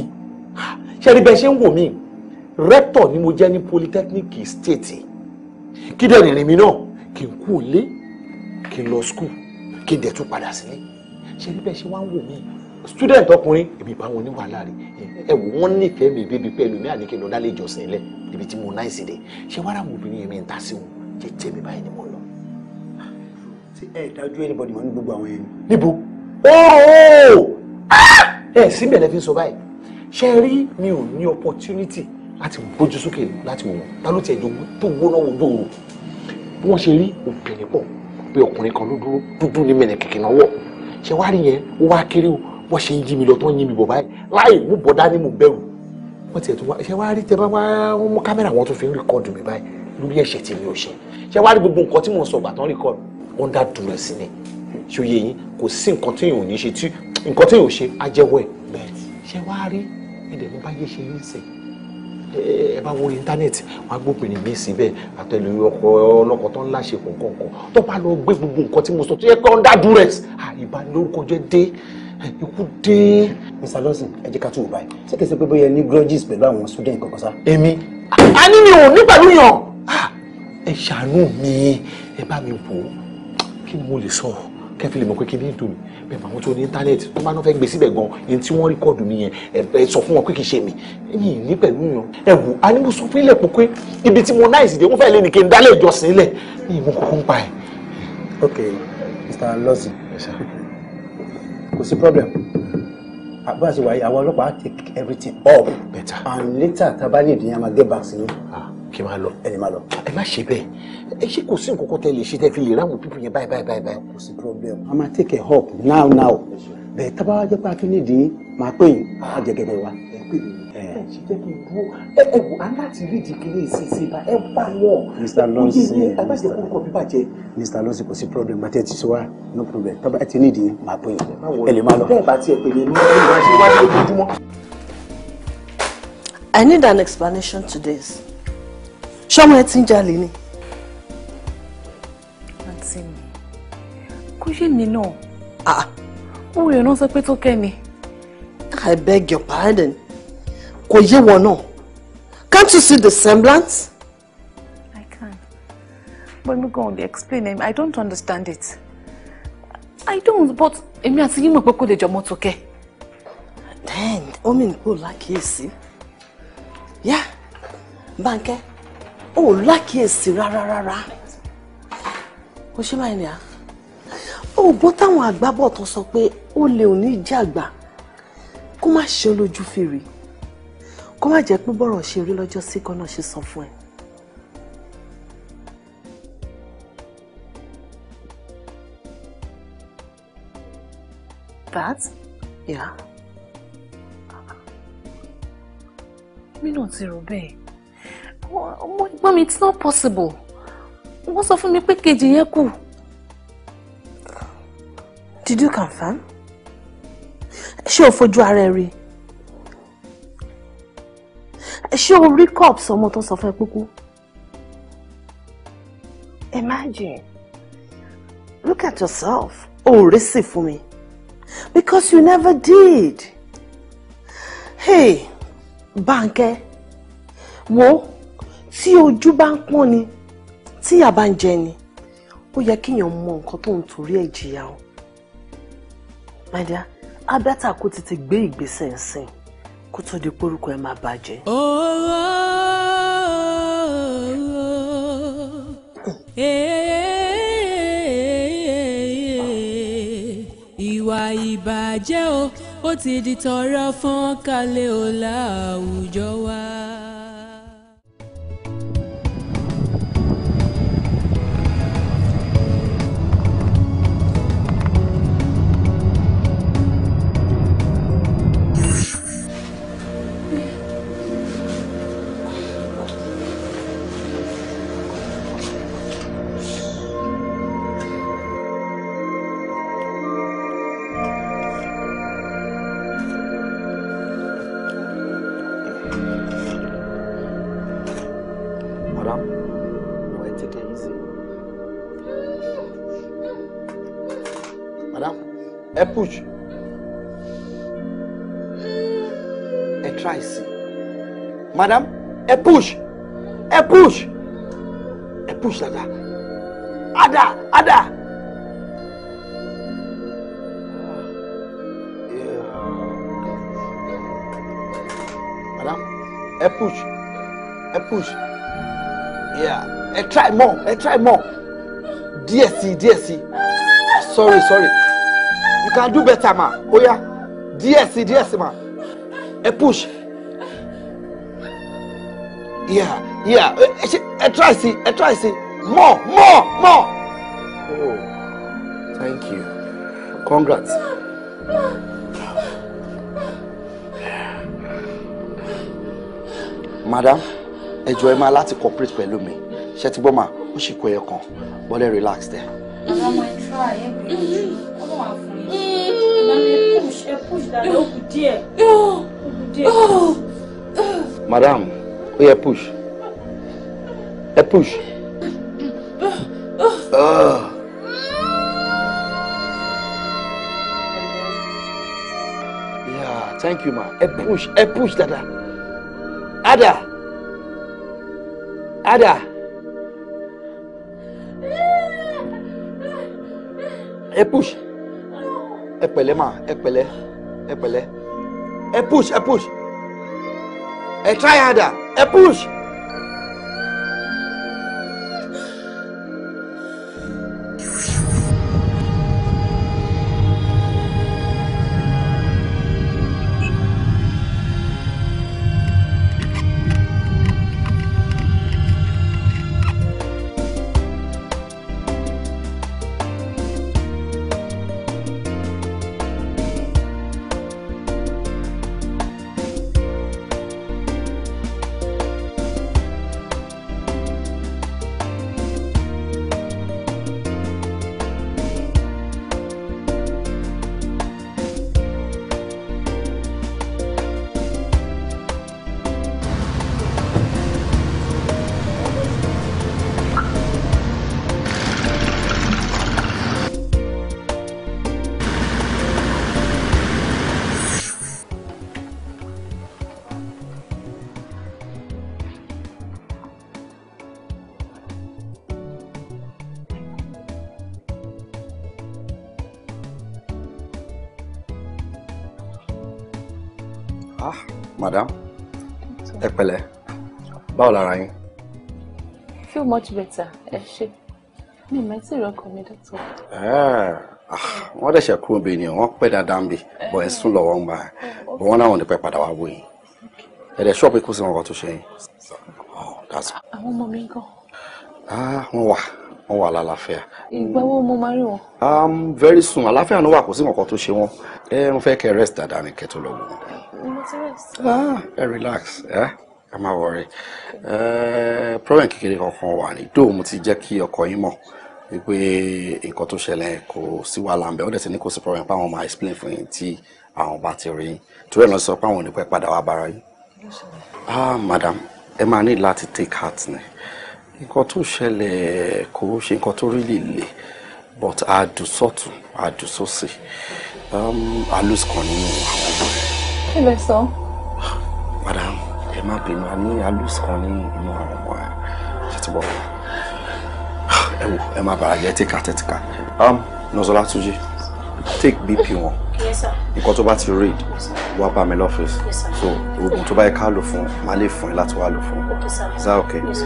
ah, ṣe rí bẹ́ẹ̀ ṣe ń wò mí rector ni mo jẹ́ ní polytechnic state kí dẹ̀ rìnrìn mi náà kí n kú ilé kí n lọ school kí n dẹ̀ tún padà sílé ṣe rí bẹ́ẹ̀ ṣe wá ń wò mí student ọkùnrin èmi bá wọn ní wàhálà rẹ ẹ wò wọn nífẹ̀ẹ́ mi bébí pẹ̀lú mi àníkè lọ dálé ìjọsìn ilẹ̀ níbi tí mo náà sì dé ṣé wàrà àwọn obìnrin yẹn mi ń ta sí wọn jẹ tẹmí báyìí ni mo lọ. ṣé ẹ dájú anybody wọn ní gbogbo àwọn yẹn. níbo ooo ah! ẹ síbẹ̀ lẹ fi sọ báyìí ṣe rí mi ò ní opportunity láti bójú sókè láti wò wọn ta ló tiẹ̀ jogún tó gbóná ojú oòrùn bí wọ́n ṣe rí obìnrin pọ̀ pé ọkùnrin kan ló dúró dúdú ní mẹ̀lẹ̀kẹ̀kẹ̀ náà wọ̀ ṣe wá rí yẹn ó wá kéré o wọ́n ṣe ń yí mi lọ tó ń yí mi bọ̀ báyìí láì mú bọ̀ dání mú bẹ̀rù wọ́n tiẹ̀ tún wá ṣe wá rí tẹ bá wọ́n mú kámẹ́rà wọn tún fi ń rìkọ́dù mi báyìí lórí ẹ̀ṣẹ̀ tí mi ò ṣe ṣe wá rí gbogbo nǹkan tí mò ń sọ ìgbà tán rìkọ́dù wọ́n dá dùrẹ̀ sí ni ṣe oyè yín kò sí nǹkan tí èèyàn ò ní ṣe tí nǹkan tí èèyàn ò ṣe á jẹ́wọ́ ẹ̀ ṣe wá rí ẹ̀dẹ̀ mo bá yé ṣe yín sẹ́yìn ẹ bá wo íńtánẹ́ẹ̀tì wọn á ikú dé Mr. Lawson ẹ jẹ́ ká tún wò báyìí ṣé kìí ṣe pé bóyá ní grudges pẹ̀lú àwọn student kankan sá. èmi ah, a ní mi ò ní pẹ̀lú yàn ah, ẹ ṣàánú mi ẹ bá mi wò ó kí ni mo lè sọ kẹfì lè mọ pé kí ni ìdùn mi bẹ́ẹ̀ mọ àwọn tó ní íńtánẹ́ẹ̀tì tó bá náà fẹ́ gbé síbẹ̀ gan ẹni tí wọ́n rìkọ́ọ̀dù nìyẹn ẹ sọ fún wọn pé kì í ṣe mi èmi ì ní pẹ̀lú yàn ẹ wò á ní mo sọ fún ilẹ̀ pọ̀ pé ibi tí mo náà ìsìndé wọ́n fẹ́ lé ní kí n dálé ìjọsìn ilẹ̀ ní ìmú kúkú ń pa ẹ̀. ok Mr. Lawson kò sí problem bá a ṣe wáyé àwọn ọlọ́pàá take everything up oh, better and later tabali ìdíyàn máa get back sí i. kí n máa lọ ẹ lè máa lọ. ẹ má ṣe bẹ́ẹ̀ ẹ ṣe kò sí nǹkan kan tẹ lè ṣe tẹ fi lè ráwọn pípọ̀ yẹn báyìí báyìí báyìí. kò sí problem a máa take a up now now bẹ́ẹ̀ tábà wá jẹ́ pé a tún nídìí máa pè yín á jẹ gẹ́gẹ́ wa. ẹ pè mí Mr. Lonsi kò sí problem àti ẹ ti sọ wa no problem tọ́ba ẹ ti ní ìdí máa pè é ẹ lè má lọ. I need an explanation to this. Ṣọ́mọ ẹ ti ń jalè ni. Àǹtí mi, kò ṣe mi náà. Ah, mo rè é ránṣẹ́ pé tó kẹ́ mi. I beg your pardon kò yé wọn náà can't you see the semblance. I can but mi gan dey explain it I don't understand it I don't but èmi àti yín mọ̀ pé kò lè jọ mọ́tò kẹ́. then omi nìkó lákìyèsí yá Bánkẹ́ ò lákìyèsí rárá rárá ó ṣe báyìí ni à ògbọ́n táwọn àgbábọ̀ tó sọ pé ó lè ò ní jàgbà kó má ṣe olójú fèrè kó má jẹ́ pé bọ́rọ̀ ṣe rí lọ́jọ́ sí kan ṣe sọ fún ẹ. that yeah mi náà ti rò bẹ́ẹ̀ ọmọ ẹ̀gbọ́n mi it's not possible wọ́n sọ fún mi pé kejì yẹn kù. did you confirm? ṣé o fojú ara ẹ rí i ṣé o rí cups ọmọ tó sọ fún ẹ imagine look at yourself o ò rí sí fún mi because you never did hey Bánkẹ́ wo tí ojú bá ń pọ́n ni tí ìyà bá ń jẹ ni ó yẹ kíyàn mọ nǹkan tó ń torí ẹ̀ o my dear abẹ́tà kó ti ti gbé ìgbésẹ̀ ńsìn kó tó di pórúkọ ẹ máa bàjẹ́. Eh, ìwà ìbàjẹ́ o ó ti di tọrọ fún kálẹ̀ o láwùjọ wa. A push a push a push dada ada ada. madam a push a push yeah ẹ try more ẹ try more DSC, DSC. sorry sorry you can do better ma oya díẹ̀ DSC, díẹ̀ ma A push yeah yeah eh, eh, ẹ try see ẹ try see more more more. oh thank you congrats. madam ẹ jọ̀ọ́ ẹ máa láti cooperate pẹ̀lú mi ṣe ti gbọ́ ma ó sì kó ẹyọ kan bọ́lẹ̀ relax dẹ. ọmọ máa try ẹ bí ọmọ wà fún mi push ẹ push dáadáa ó kù díẹ̀ ó kù díẹ̀. madam ó yẹ push ẹ push. Uh. Yeah, thank you ma ẹ push ẹ push dada ada ada ẹ push ẹ pele, ma ẹ pele. ẹ pele. ẹ push ẹ push. A try harder A push. báwo lára yín. feel much better ẹ ṣe mi ì mẹ́tì ìrọ́kàn mi dọ́tọ̀. Ah, ah, wọ́n dẹ̀ṣẹ̀ kú obìnrin ni wọ́n pẹ́ dáadáa ń bì bọ̀ ẹ̀ sún lọ́wọ́ ń bá ẹ̀ oh, bọ̀ wọ́n náà wọ́n ní pẹ́ padà wá wò yín ẹ̀ dẹ̀ ṣọ́ọ̀bù kù sí wọn kò tó ṣe yín. Oh, àwọn ọmọ mi ń kọ́. Ah, wọ́n wà wọ́n wà lálàáfíà. ìgbà wo mo máa rí wọn. Um, very soon àlàáfíà ló wà kò sí nǹkan tó ṣe wọn ẹ ń fẹ́ kẹ́ rest dáadáa ni kẹ́ tó lọ wò wọn. ẹ relax. Eh? ẹ má wọrí problem kékeré kankan wà ní tó mo ti jẹ́ kí ọkọ yín mọ̀ wípé nǹkan tó ṣẹlẹ̀ kò sí wàhálà ń bẹ̀ ó dẹ̀ ti ní kò sí problem pé àwọn máa explain fún yín tí àwọn bá ti rí yín torí ẹ̀ lọ sọ pé àwọn ò ní pẹ́ padà wá bára yín. ah madam ẹ máa ní láti take heart ni nǹkan tó ṣẹlẹ̀ kò ṣe nǹkan tó really le but àdùsọ̀tún àdùsọ̀sì alus kan nínú àwọn ọmọ rẹ̀. kí lè sọ. madam má bínú a ní alúùsì kan ní inú àwọn ọmọ ẹ ṣe ti bọ <sighs> ẹ wò ẹ má bàrà jẹ tíkà tíkà am um, nọsọlá túnjí take bp wọn nǹkan tó bá ti read wá bá mi lọ́fíìsì so oògùn tó bá yẹ ká lò fún máa lè fún ẹ láti wá lò fún is that okay. Yes,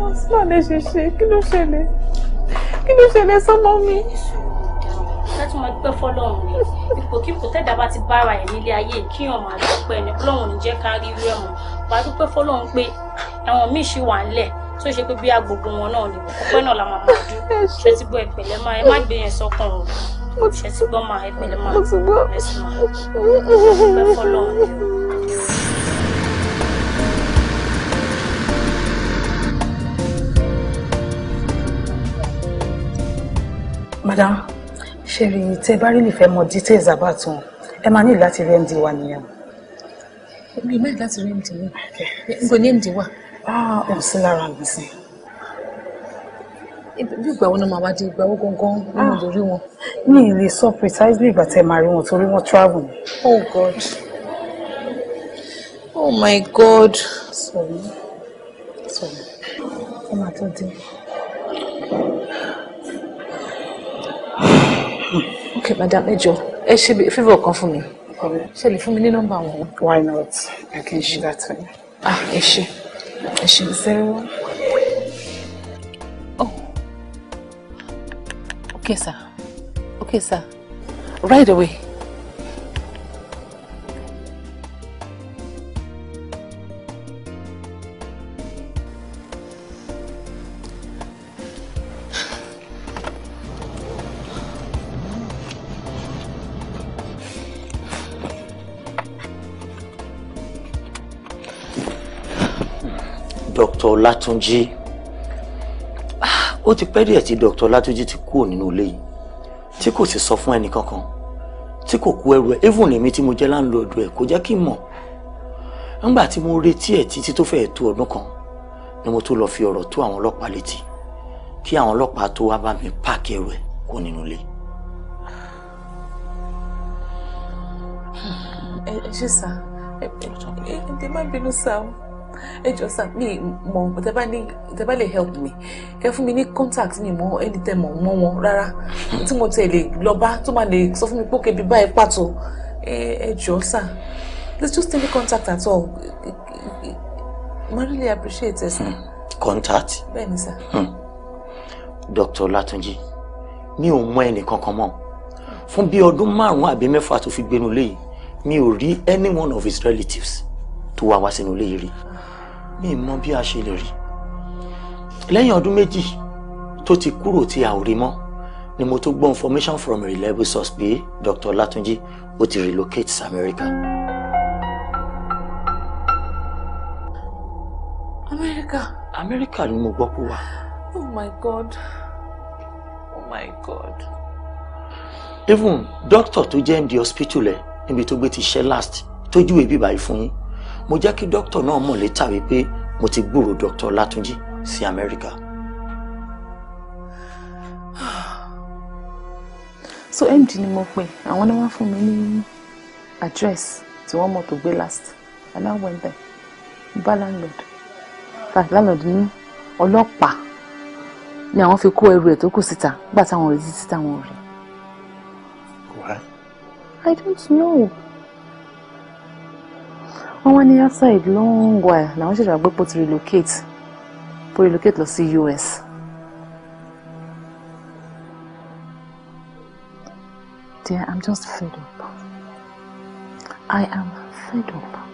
Osman ẹ ṣe ṣe kí ló ṣẹlẹ̀ kí ló ṣẹlẹ̀ sọ́mọ́ mi tún máa gbẹ́ fọ́lọ́run rẹ̀ ipòkípò tẹ́dá bá ti bára ẹ̀ nílé ayé kí wọ́n máa dúpẹ́ ẹni ọlọ́run ní jẹ́ ká rí irú ẹ̀ mọ́ wà á dúpẹ́ fọ́lọ́run pé àwọn míì ṣì wà ńlẹ̀ tó ṣe pé bí a gbogbo wọn náà ni ọpẹ́ náà la máa máa dú ṣe ti gbọ́ ẹ̀pẹ̀lẹ́ máa ẹ má gbé yẹn sọ́kàn o ṣe ti gbọ́ máa ẹ̀pẹ̀lẹ́ máa ẹ̀sìn máa dúpẹ́ fọ́lọ́run rẹ̀ o ṣeré tẹ bá rí nìfẹ́ mọ details about wọn ẹ máa ní láti rí md wa nìyẹn. mi ì máa láti rí md wa n kò ní md wa. Ah, ọ̀ sí lára mi sí. bí ìgbà wo ni màá wá di ìgbà wo gangan ni mo lè rí wọn. Ah, mi ì lè sọ precisely ìgbà tẹ máa rí wọn torí wọn travel. oh god oh my god. sorry sorry ẹ máa tó dé ok madam ẹ jọ ẹ ṣe favour kan fún mi ṣe lè fún mi ní nọ́mbà wọn. why not i can ṣe that for you. ah ẹ ṣe ẹ ṣe zero. oh okay sir okay sir right away. dr Látúnjí ah, ó ti pẹ́ díẹ̀ tí dr Látúnjí ti kúrò nínú ilé yìí tí kò sì sọ fún ẹnìkankan tí kò kú ẹrù ẹ̀ even èmi tí mo jẹ́ láńlọ́ọ̀dù ẹ̀ kò jẹ́ kí n mọ̀ nígbà tí mo retí ẹ̀ títí tó fẹ́ẹ̀ tó ọdún kan ni mo tó lọ fi ọ̀rọ̀ tó àwọn ọlọ́pàá létí kí àwọn ọlọ́pàá tó wá bá mi páàkì ẹrù ẹ̀ kó nínú ilé. ẹ ṣe sá ẹ ẹ má bínú sá o ẹ jọ sá mi mọ tẹ bá lè help me kẹ fún mi ní contact mi mọ ẹni tẹ mọ mọ wọn rárá tí mo tẹ lè lọ bá tó máa lè sọ fún mi pé kébí báyìí pàtó ẹ jọ sá there's just any contact at all mo really appreciate it. Hmm. contact. bẹ́ẹ̀ni sá. Hmm. Dr. Latunji mi ò mọ ẹnì kankan mọ́ fún bí ọdún márùn-ún àbí mẹ́fà tó fi gbénu léyìí mi ò rí any one of his relatives tó wá wá sínú léyìí rí mi mọ bí a ṣe lè rí lẹ́yìn ọdún méjì tó ti kúrò tí a ò rí mọ́ ni mo tó gbọ́ information from a reliable source pé Dr. Latunji ó ti relocate sí America. America. America ni mo gbọ́ pé wà. Oh my God. Oh my God. Even doctor tó jẹ́ MD hospital ẹ̀ níbi tó gbé ti ṣe last tójú ẹbí báyìí fún yín mo jẹ́ kí dókítà náà mọ̀ létà wípé mo ti gbúròó dókítà Látúnjí sí Amẹ́ríkà. <sighs> so MD ni mo pè àwọn ni wọ́n fún mi ní address tí wọ́n mọ̀ tó gbé last and I went there bá landlord bá ah, landlord ní ọlọ́pàá ni àwọn fi kó ẹrù ẹ̀ tó kù síta gbà táwọn rí títí táwọn rí. why. I don't know wọ́n wá ní after a long while làwọn ṣẹ̀ṣẹ̀ gbé pò ti relocate pò relocate lọ sí US. Dear, I'm just fed up. I am fed up.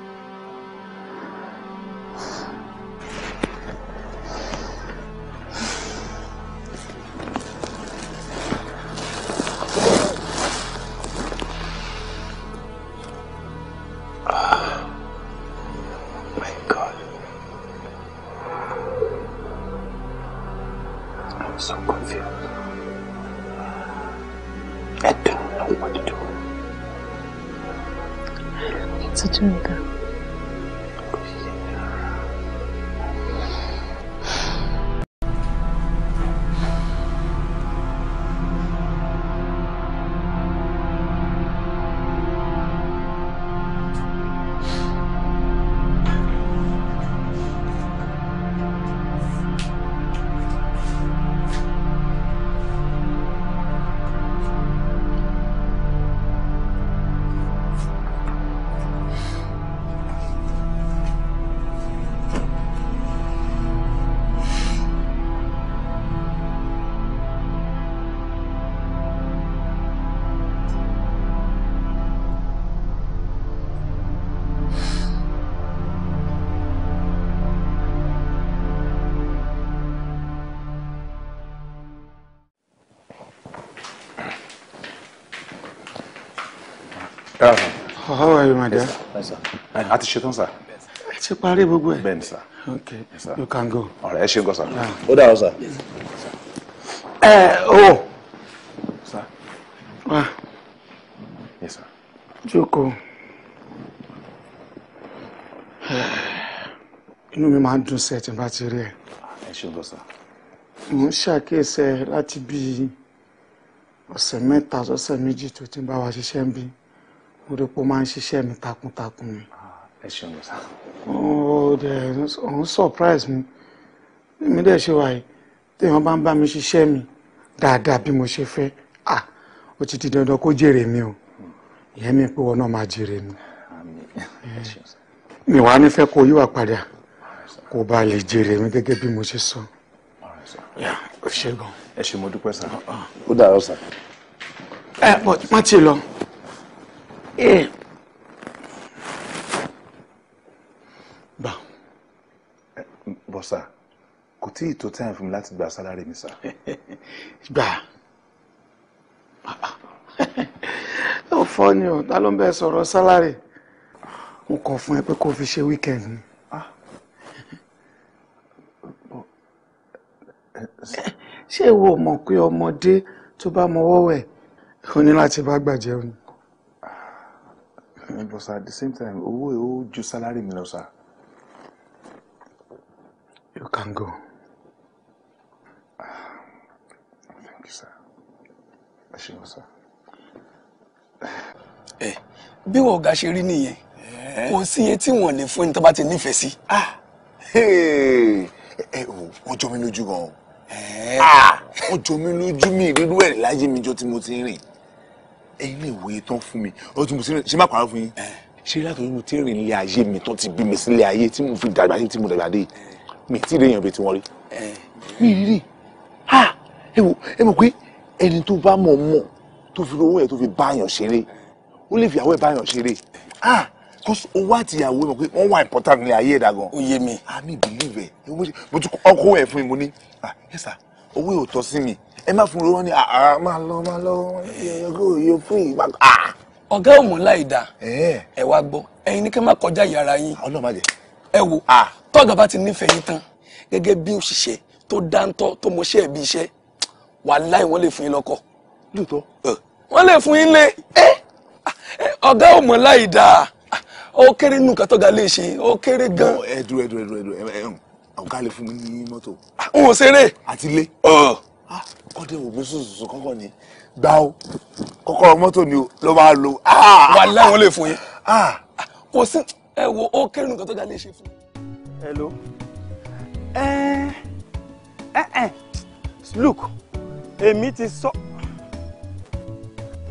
how are you my dear. Yes, a ti ṣetán sir. ẹ ti parí gbogbo ẹ. bẹ́ẹ̀ni sir. okay sir. you can go. ọ̀rẹ́ ẹ ṣe nǹkan sir. Ah. ó dà ọ sir. ẹ o. sir. wa. yes sir. Joko, inú mi máa ń dùn sí ẹ tí n bá ti rí ẹ. ẹ ṣe nǹkan sir. mo ń ṣàkíyèsí ẹ láti bíi ọ̀sẹ̀ mẹ́ta sọ́sẹ̀ méjì tó ti ń bá wa ṣiṣẹ́ ń bí mo rí pé ó máa ń ṣiṣẹ́ mi takuntakun ni. Ah, ẹ ṣeun sá. ó dẹ̀ ọ̀hún surprise mi mi dẹ̀ ṣe wáyé téèyàn bá ń bá mi ṣiṣẹ́ mi dáadáa bí mo ṣe fẹ́ à ah, ó ti di dandan kó jèrè mi o ìyẹn mi pé wọn náà máa jèrè mi. mi wàá nífẹ̀ẹ́ kó yíwà padà kó bá lè jèrè mi gẹ́gẹ́ bí mo ṣe sọ. ẹ ṣé mo dúpẹ́ sá. Ah, ó dàárọ̀ sá. ẹ bọ̀ má ti lọ. Eh. <coughs> Bá bọ́sà kò tí ì tó time fún mi láti gba sálárì mi sà. <coughs> Gbà <coughs> ó fọ́ ni o ta ló ń bẹ sọ̀rọ̀ sálárì mo kọ̀ fún ẹ pé kó fi ṣe weekend ni. Ṣé ìwọ mọ̀ pé ọmọdé tó bá mọwọ́ wẹ̀ ó ní láti bá gbàjẹ́ ni. Eh, but at the same time owó ẹ̀ ju salary mi lọ sà you can go. thank you sir ẹ ṣeun sir. ẹ eh, bí wọn ọgá ṣe rí nìyẹn eh? kò sí iye tí wọn lè fún ẹni tó bá ti nífẹ̀ẹ́ sí. wọ́n jọ mí lójú gan-an ah! wọ́n jọ mí lójú mi ìrírú ẹ̀ láyé mi jọ tí mo ti rìn ilé ìwé tó ń fún mi ó ti mú sílẹ̀ ṣé má pàrọ̀ fún yín eh. ṣé láti orí mo ti rìn ilé ayé mi tó ti bí mi sílé ayé tí mo fi dàgbà sí tí mo dàgbà dé eh. mi ti rí èèyàn bíi tiwọn rí eh. mi rí rí ha ẹ wò ẹ mọ̀ pé ẹni tó bá mọ̀ mọ̀ tó fi owó ẹ̀ tó fi báyàn ṣeré ó lè fi àwọ̀ ẹ̀ báyàn ṣeré ha cause owó àti ìyàwó mọ̀ pé wọ́n wà important ní ayé ẹ̀dá gan. ó mi. àmì ah, believe ẹ̀ mo ti ọkọ ẹ̀ fún mi mo ní ah yes sir owó ẹ̀ ò tọ́ sí mi ẹ má fún wọn ní àá ah, ah, máa lọ máa lọ yóò fún ìgbà ọ̀gá ò mọ̀ láì dáa ẹ wá gbọ́ ẹ̀yin ní kí n má kọjá yàrá yín ẹ wo ah. tọ́gà bá ti nífẹ̀ẹ́ yín tán gẹ́gẹ́ bí òṣìṣẹ́ tó dáńtọ́ tó mọṣẹ́ ẹ̀bí iṣẹ́ wàláhì wọ́n lè fún yín lọ́kọ. lóòótọ́ wọ́n lè fún yín lé ọ̀gá ò mọ̀ láì dáa ó kéré nù kátọ́gà lè ṣe ó kéré gan. ẹ dúró ẹ dúró ẹ dúró ẹ ọ̀gá lè fún mi ní mọ́tò. n ò ṣeré. àti ilé kọ́dé òbí sùsùsù kọ́kọ́ ni gbà ó kọ́kọ́ mọ́tò ni ló máa lo. Ah! wà láwọn lè fún yín ah! kò sí ẹ wo ó kẹrin nǹkan tó ga lè ṣe fún. hello ẹ ẹ ẹ look èmi ti sọ.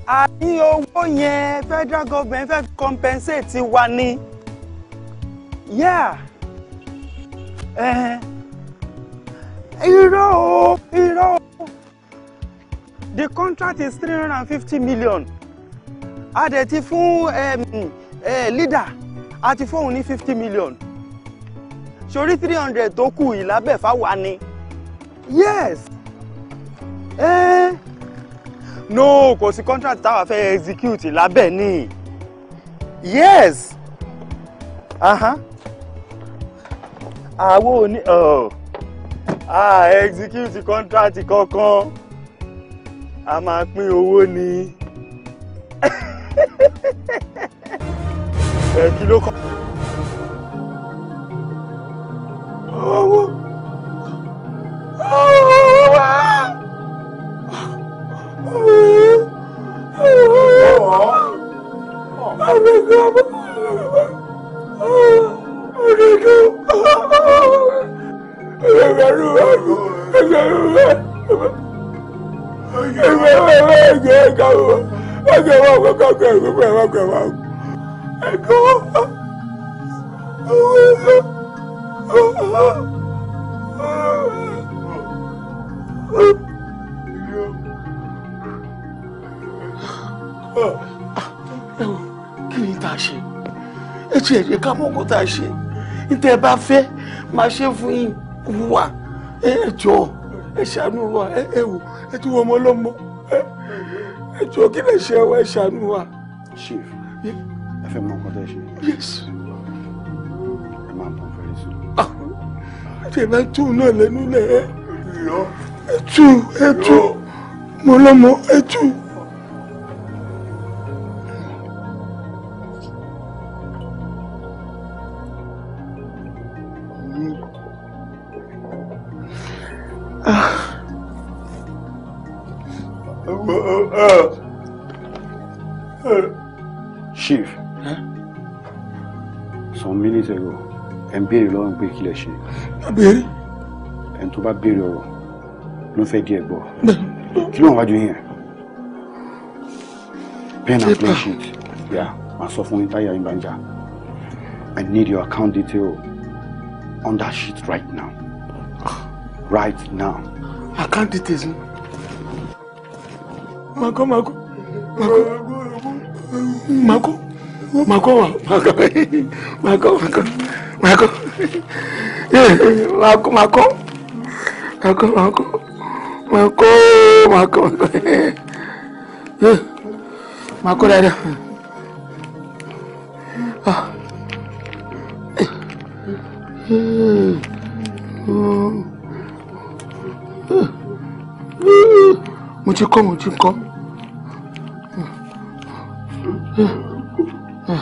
a ní owó yẹn federal government fẹ́ compensate wa ni. yeah. Uh, You know. You know the contract is three hundred and fifty million a dẹ̀ ti fún eh, leader a ti fóun ní fifty million sórí three hundred tó kù yìí lábẹ́ fáwa ni yes eh. no kò sí contract táwa fẹ́ execute lábẹ́ ni yes àwo ni oh. a execute contract kankan a máa pín owó ni ẹ kí ló kọ́. owó owó wá owó owó àgbẹ̀gbẹ̀ òdodo ẹgbẹ̀rún ẹgbẹ̀rún ẹgbẹ̀rún ìgbẹ́ ìgbẹ́ ìgbẹ́ ìkàwọ́ ọjọ́ wa kọ́kọ́ gbẹ̀ gbogbo ẹ̀wà gbẹ̀ wà ẹ̀kọ́ ẹ̀wọ̀n kí ni tá a ṣe ètò ẹ̀jẹ̀ ká mọ́kó tá a ṣe nítorí ẹ bá fẹ́ máa ṣe fún yín wà ẹ̀jọ̀ ẹ ṣàánú wa ẹ wò ẹ tún wọ ọmọ ọlọ́mọ ẹ jọ kí lè ṣe ẹwà ẹ ṣàánú wa. chief ẹ fẹ́ mọ nǹkan tẹ́ ṣe. yes. ẹ máa bọ̀ fẹ́rẹ́ sí. ṣe máa ń tún náà lẹ́nu lẹ̀ ẹ́. ẹ tún ẹ tún mọ́lọ́mọ́ ẹ tún. please ẹ̀rọ ẹ̀ ń béèrè lọ́rùn pé kí lẹ ṣe. béèrè. ẹni tó bá béèrè ọ̀rọ̀ ló fẹ́ di ẹ̀ gbọ́. kí ló ń wájú yẹn. pen and clean sheet yà máa sọ fún yín táyà yín bá ń jà. I need your account detail on that sheet right now. Right now. Account details. Mako, Mako, Mako, Mako. Makoa, Makoa, Makoa, Makoa, eh, Makoa, Makoa, Makoa, Makoa, Makoa, eh, Makoa, Makoa, Makoa dáadáa. Ah. Eh. Mo ti kọ́, mo ti kọ́. Yeah n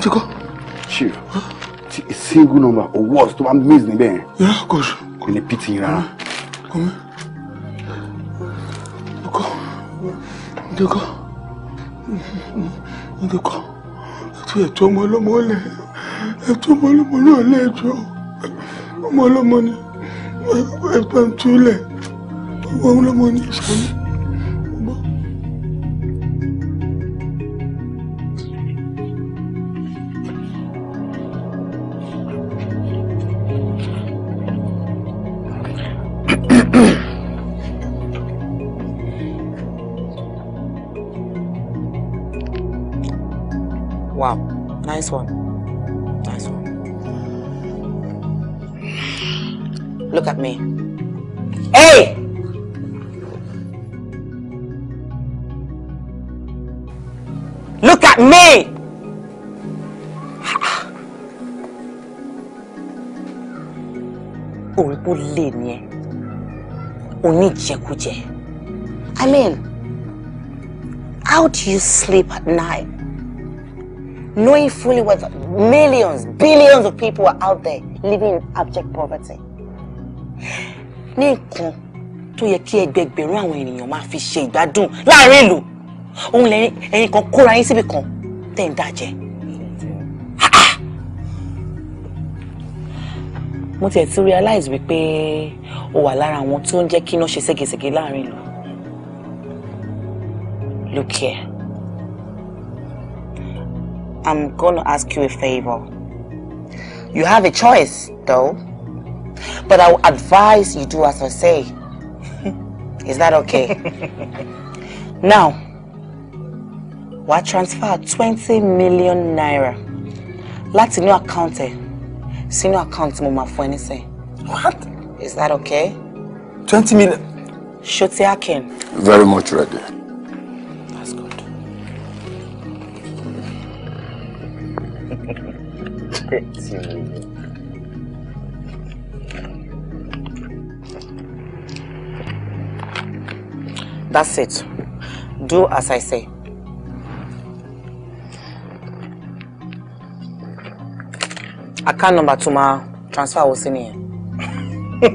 ti kọ́. chief ti a single number o worse tó bá miss níbẹ̀ yẹn. yẹ́n kò sí. kò ní pity yín rárá. kọ́mi ọkọ n ti kọ́ n ti kọ́ àti ẹ̀tọ́ ọmọ ọlọ́mọ ọ̀lẹ́ ẹ̀tọ́ ọmọ ọlọ́mọ náà lẹ́ẹ̀jọ́ ọmọ ọlọ́mọ ni ẹ̀tọ́ ń túlẹ̀ ọmọ ọlọ́mọ ni ìṣàlẹ̀. one. Nice one. Look at me. Hey! Look at me! Orí kò lè ní ẹ. I mean, how do you sleep at night? knowing fully well that millions, billions of people are out there living in abject poverty. ní nǹkan tó yẹ kí ẹgbẹgbẹ̀rún àwọn ènìyàn máa fi ṣe ìgbádùn láàrin ìlú òun lẹ́yìn ẹ̀yin kan kóra yín síbi kan tẹ̀ ń dájẹ́. mo tiẹ̀ ti realize wípé o wà lára àwọn tó ń jẹ́ kí iná ṣe ségesège láàrin ìlú. look here. I'm going to ask you a favor. You have a choice, though. But I will advise you do as I say. <laughs> Is that okay? <laughs> now, wàá transfer twenty million naira láti inú account ẹ sínú account mo máa fún ẹ What? Is that okay? twenty million. Shoti Akin. Very much ready. して強火に That's it. Do as I say. Account number to my transfer was in here.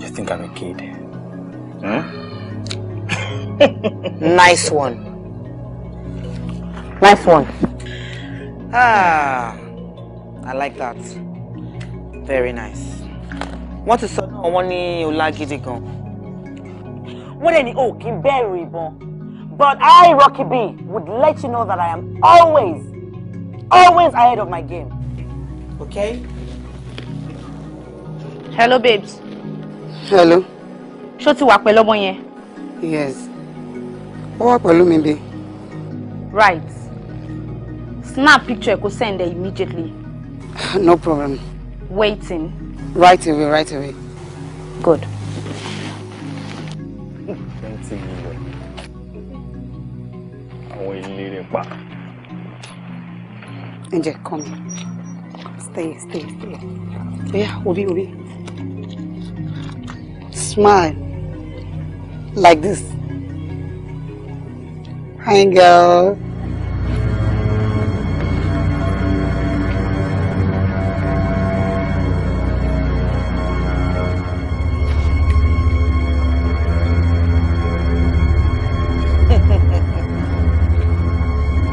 you think I'm a kid? <laughs> nice one. Nice one. Ah, I like that. Very nice. What is sọ náà wọ́n ní ọlá gidi go? What any oak in berry í But I, Rocky B, would let you know that I am always, always ahead of my game. Okay? Hello, babes. Hello ṣó ti wà pẹ̀lú ọmọ yẹn. yes ó wà pẹ̀lú mi bí. right snap picture kó send it immediately. no problem. waiting. right away right away. good. twenty million àwọn ilé rẹ̀ pa. ǹjẹ́ come stay stay stay. Yeah. obi obi smile. like this. Hi, girl. <laughs>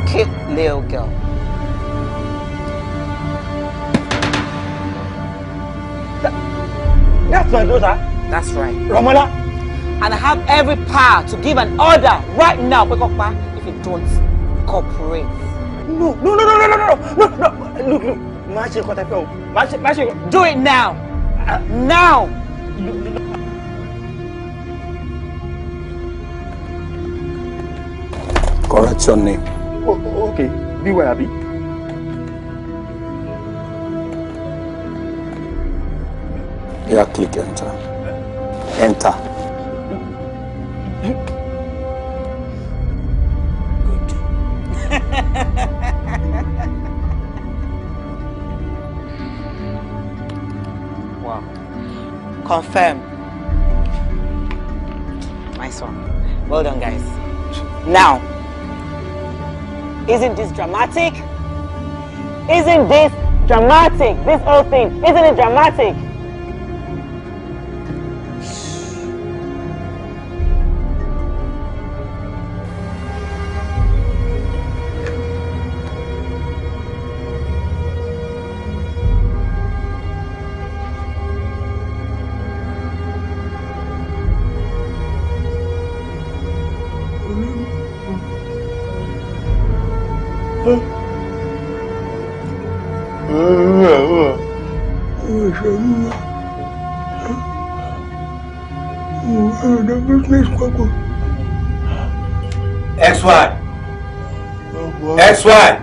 Cute little girl. That, that's my daughter. That's right. Romola. and have every power to give an order right now, Pekopa, if you don't cooperate. No, no, no, no, no, no, no, no, no, look, look, Mashi Kotapeo, Mashi, Mashi, do it now, uh, now. Correct your name. Oh, okay, beware, Abi. Yeah, click enter. Enter. Confirm. Nice one. Well done, guys. Now, isn't this dramatic? Isn't this dramatic? This whole thing, isn't it dramatic? XY XY.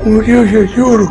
wọ́n rí ọ̀sẹ̀ sí òrò.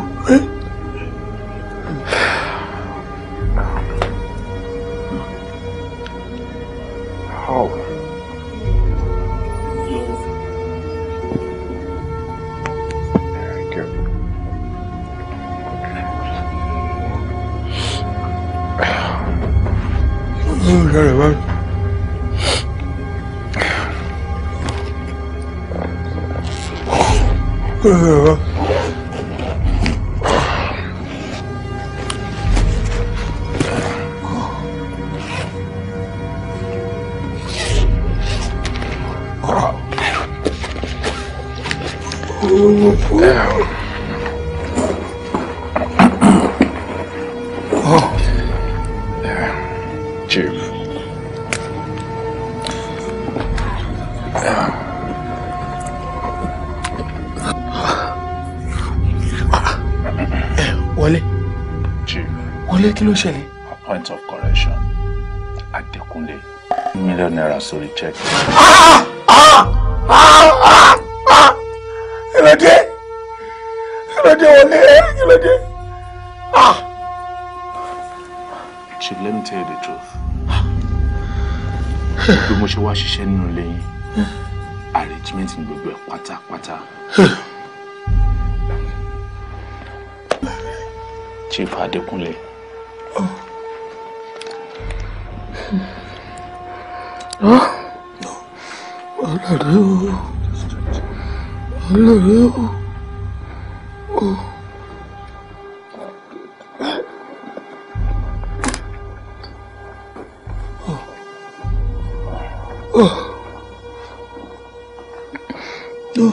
Mr.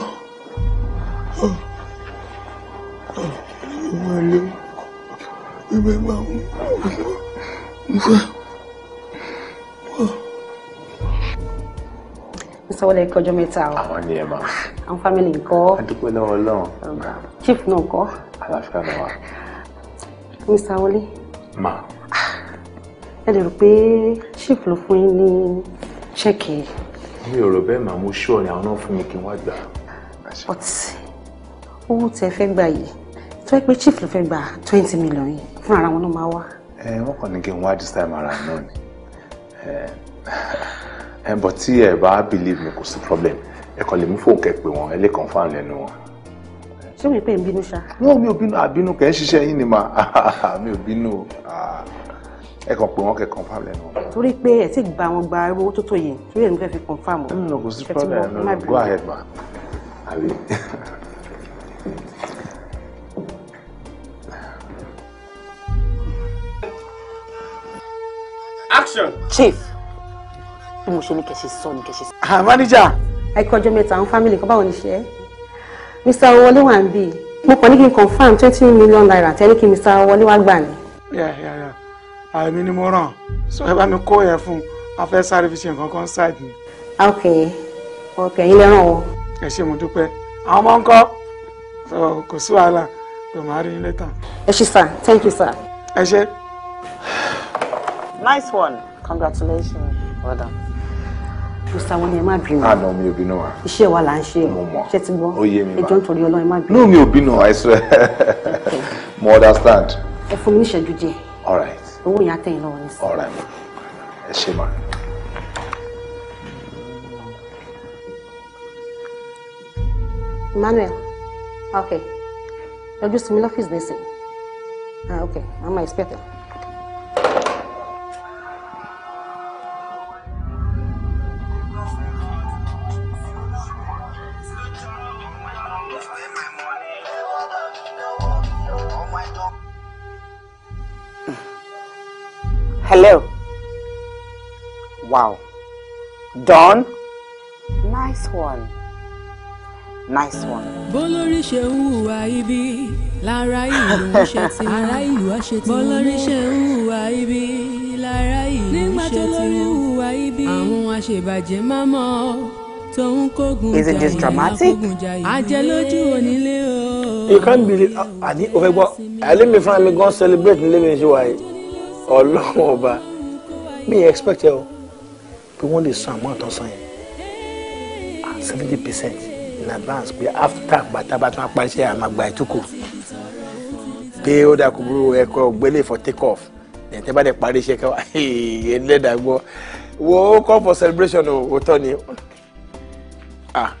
Wọlé kọjọ́ mẹ́ta o. Àwọn ni ẹ máa. Àwọn fámìlì ńkọ́. Adúpẹ́ náà Ọlọ́run. Um, chief náà ńkọ́. Àlàáfíà náà wà. Mr. Wọlé. Mà. Ẹ lè rò pé Chief ló fún yín ní ṣẹ́ẹ̀kì yìí mi ò rò bẹ́ẹ̀ màmú ṣọ́ ni àwọn náà fún mi kí n gbà. but owó tẹ fẹ́ gbà yìí tó yẹ pé chief ló fẹ́ gba twenty million yìí fún ara wọn ló máa wá. ẹ wọn kàn ní kí n wá this time around náà ni ẹ bọ tí ẹ bá believe mi kò sí problem ẹ kàn lè mú fóònù kẹ pé wọn ẹ lè confam lẹ́nu wọn. ṣé wọ́n pè ń bínú ṣá. wọn mi ò bínú àbínú kẹ́ ẹ ṣiṣẹ́ yín ni mà <laughs> mi ò bínú. Ah ẹ kàn pé wọn kẹ confam lẹ́nu. torí pé ẹ ti gba àwọn gba owó tó tó yẹ torí ẹ ní fẹ́ fi confam. nínú hmm, kò sí problem nínú go ahead ma àbí. action. chief bí mo ṣe ní kẹ̀sì sọ ní kẹ̀sì sọ. ah manager. àìkọjọ mẹ́ta àwọn family kan báwo ni ṣe é mr owólé wà ń bì mo kàn ní kí n confam twenty million naira tẹ́lẹ̀ kí mr owólé wá gbà ní. yeah yeah yeah àìmí ni mo ràn so ẹ bá mi kó yẹn fún un a fẹ́ sáré fi ṣe nǹkan kan ṣáàdì ni. ok ok ẹ̀yin lẹ́ràn o. ẹ ṣé mo dúpẹ́ àwọn ọmọ ń kọ́ kò sí wàhálà tó máa rí ilé tán. ẹ ṣé sir thank you sir. ẹ ṣé. nice one congratulations well done musa wọn ni ẹ má bínú. àná ah, mi ò bínú wa. iṣẹ́ wa là ń ṣe ṣe ti gbọ́ ẹjọ́ nítorí ọlọ́run ẹ má bínú. no mi ò bínú i swear <laughs> mo understand. ẹ fún mi ní ìṣẹ́jú díẹ̀. all right owó yẹn àtẹ̀yìn okay yọjú sí mi lọ́fíìsì ah okay I'm expecting. Hello. Wow. Dawn. Nice one. Nice one. Bólórí ṣe ń hùwà ibi lára ìlú ṣe ti wọ́n. Bólórí ṣe ń hùwà ibi lára ìlú ṣe ti wọ́n. Àwọn aṣèbàjẹ́ máa mọ̀ tóun kógun jà ìyá kógun jà ìlú. Àjẹlójú onílé o. You can't believe àní òfẹ́ gbọ́ àlẹ́ mi fúnra mi gan celebrate nílé mi ṣe wáyé ọlọ́run ọba mi expect ẹ o pé wọ́n lè san àmọ́ àtọ́sán yẹn seventy percent in advance pé after gbàtà bá tún apáṣẹ àmàgbà ìtúkù pé ó dà kó burú ẹ̀kọ́ gbélé for take off ẹ̀tẹ́ bá dẹ̀ parí iṣẹ́ káwá ẹlẹ́dàá gbọ́ wo ó call for celebration o òótọ́ ni ah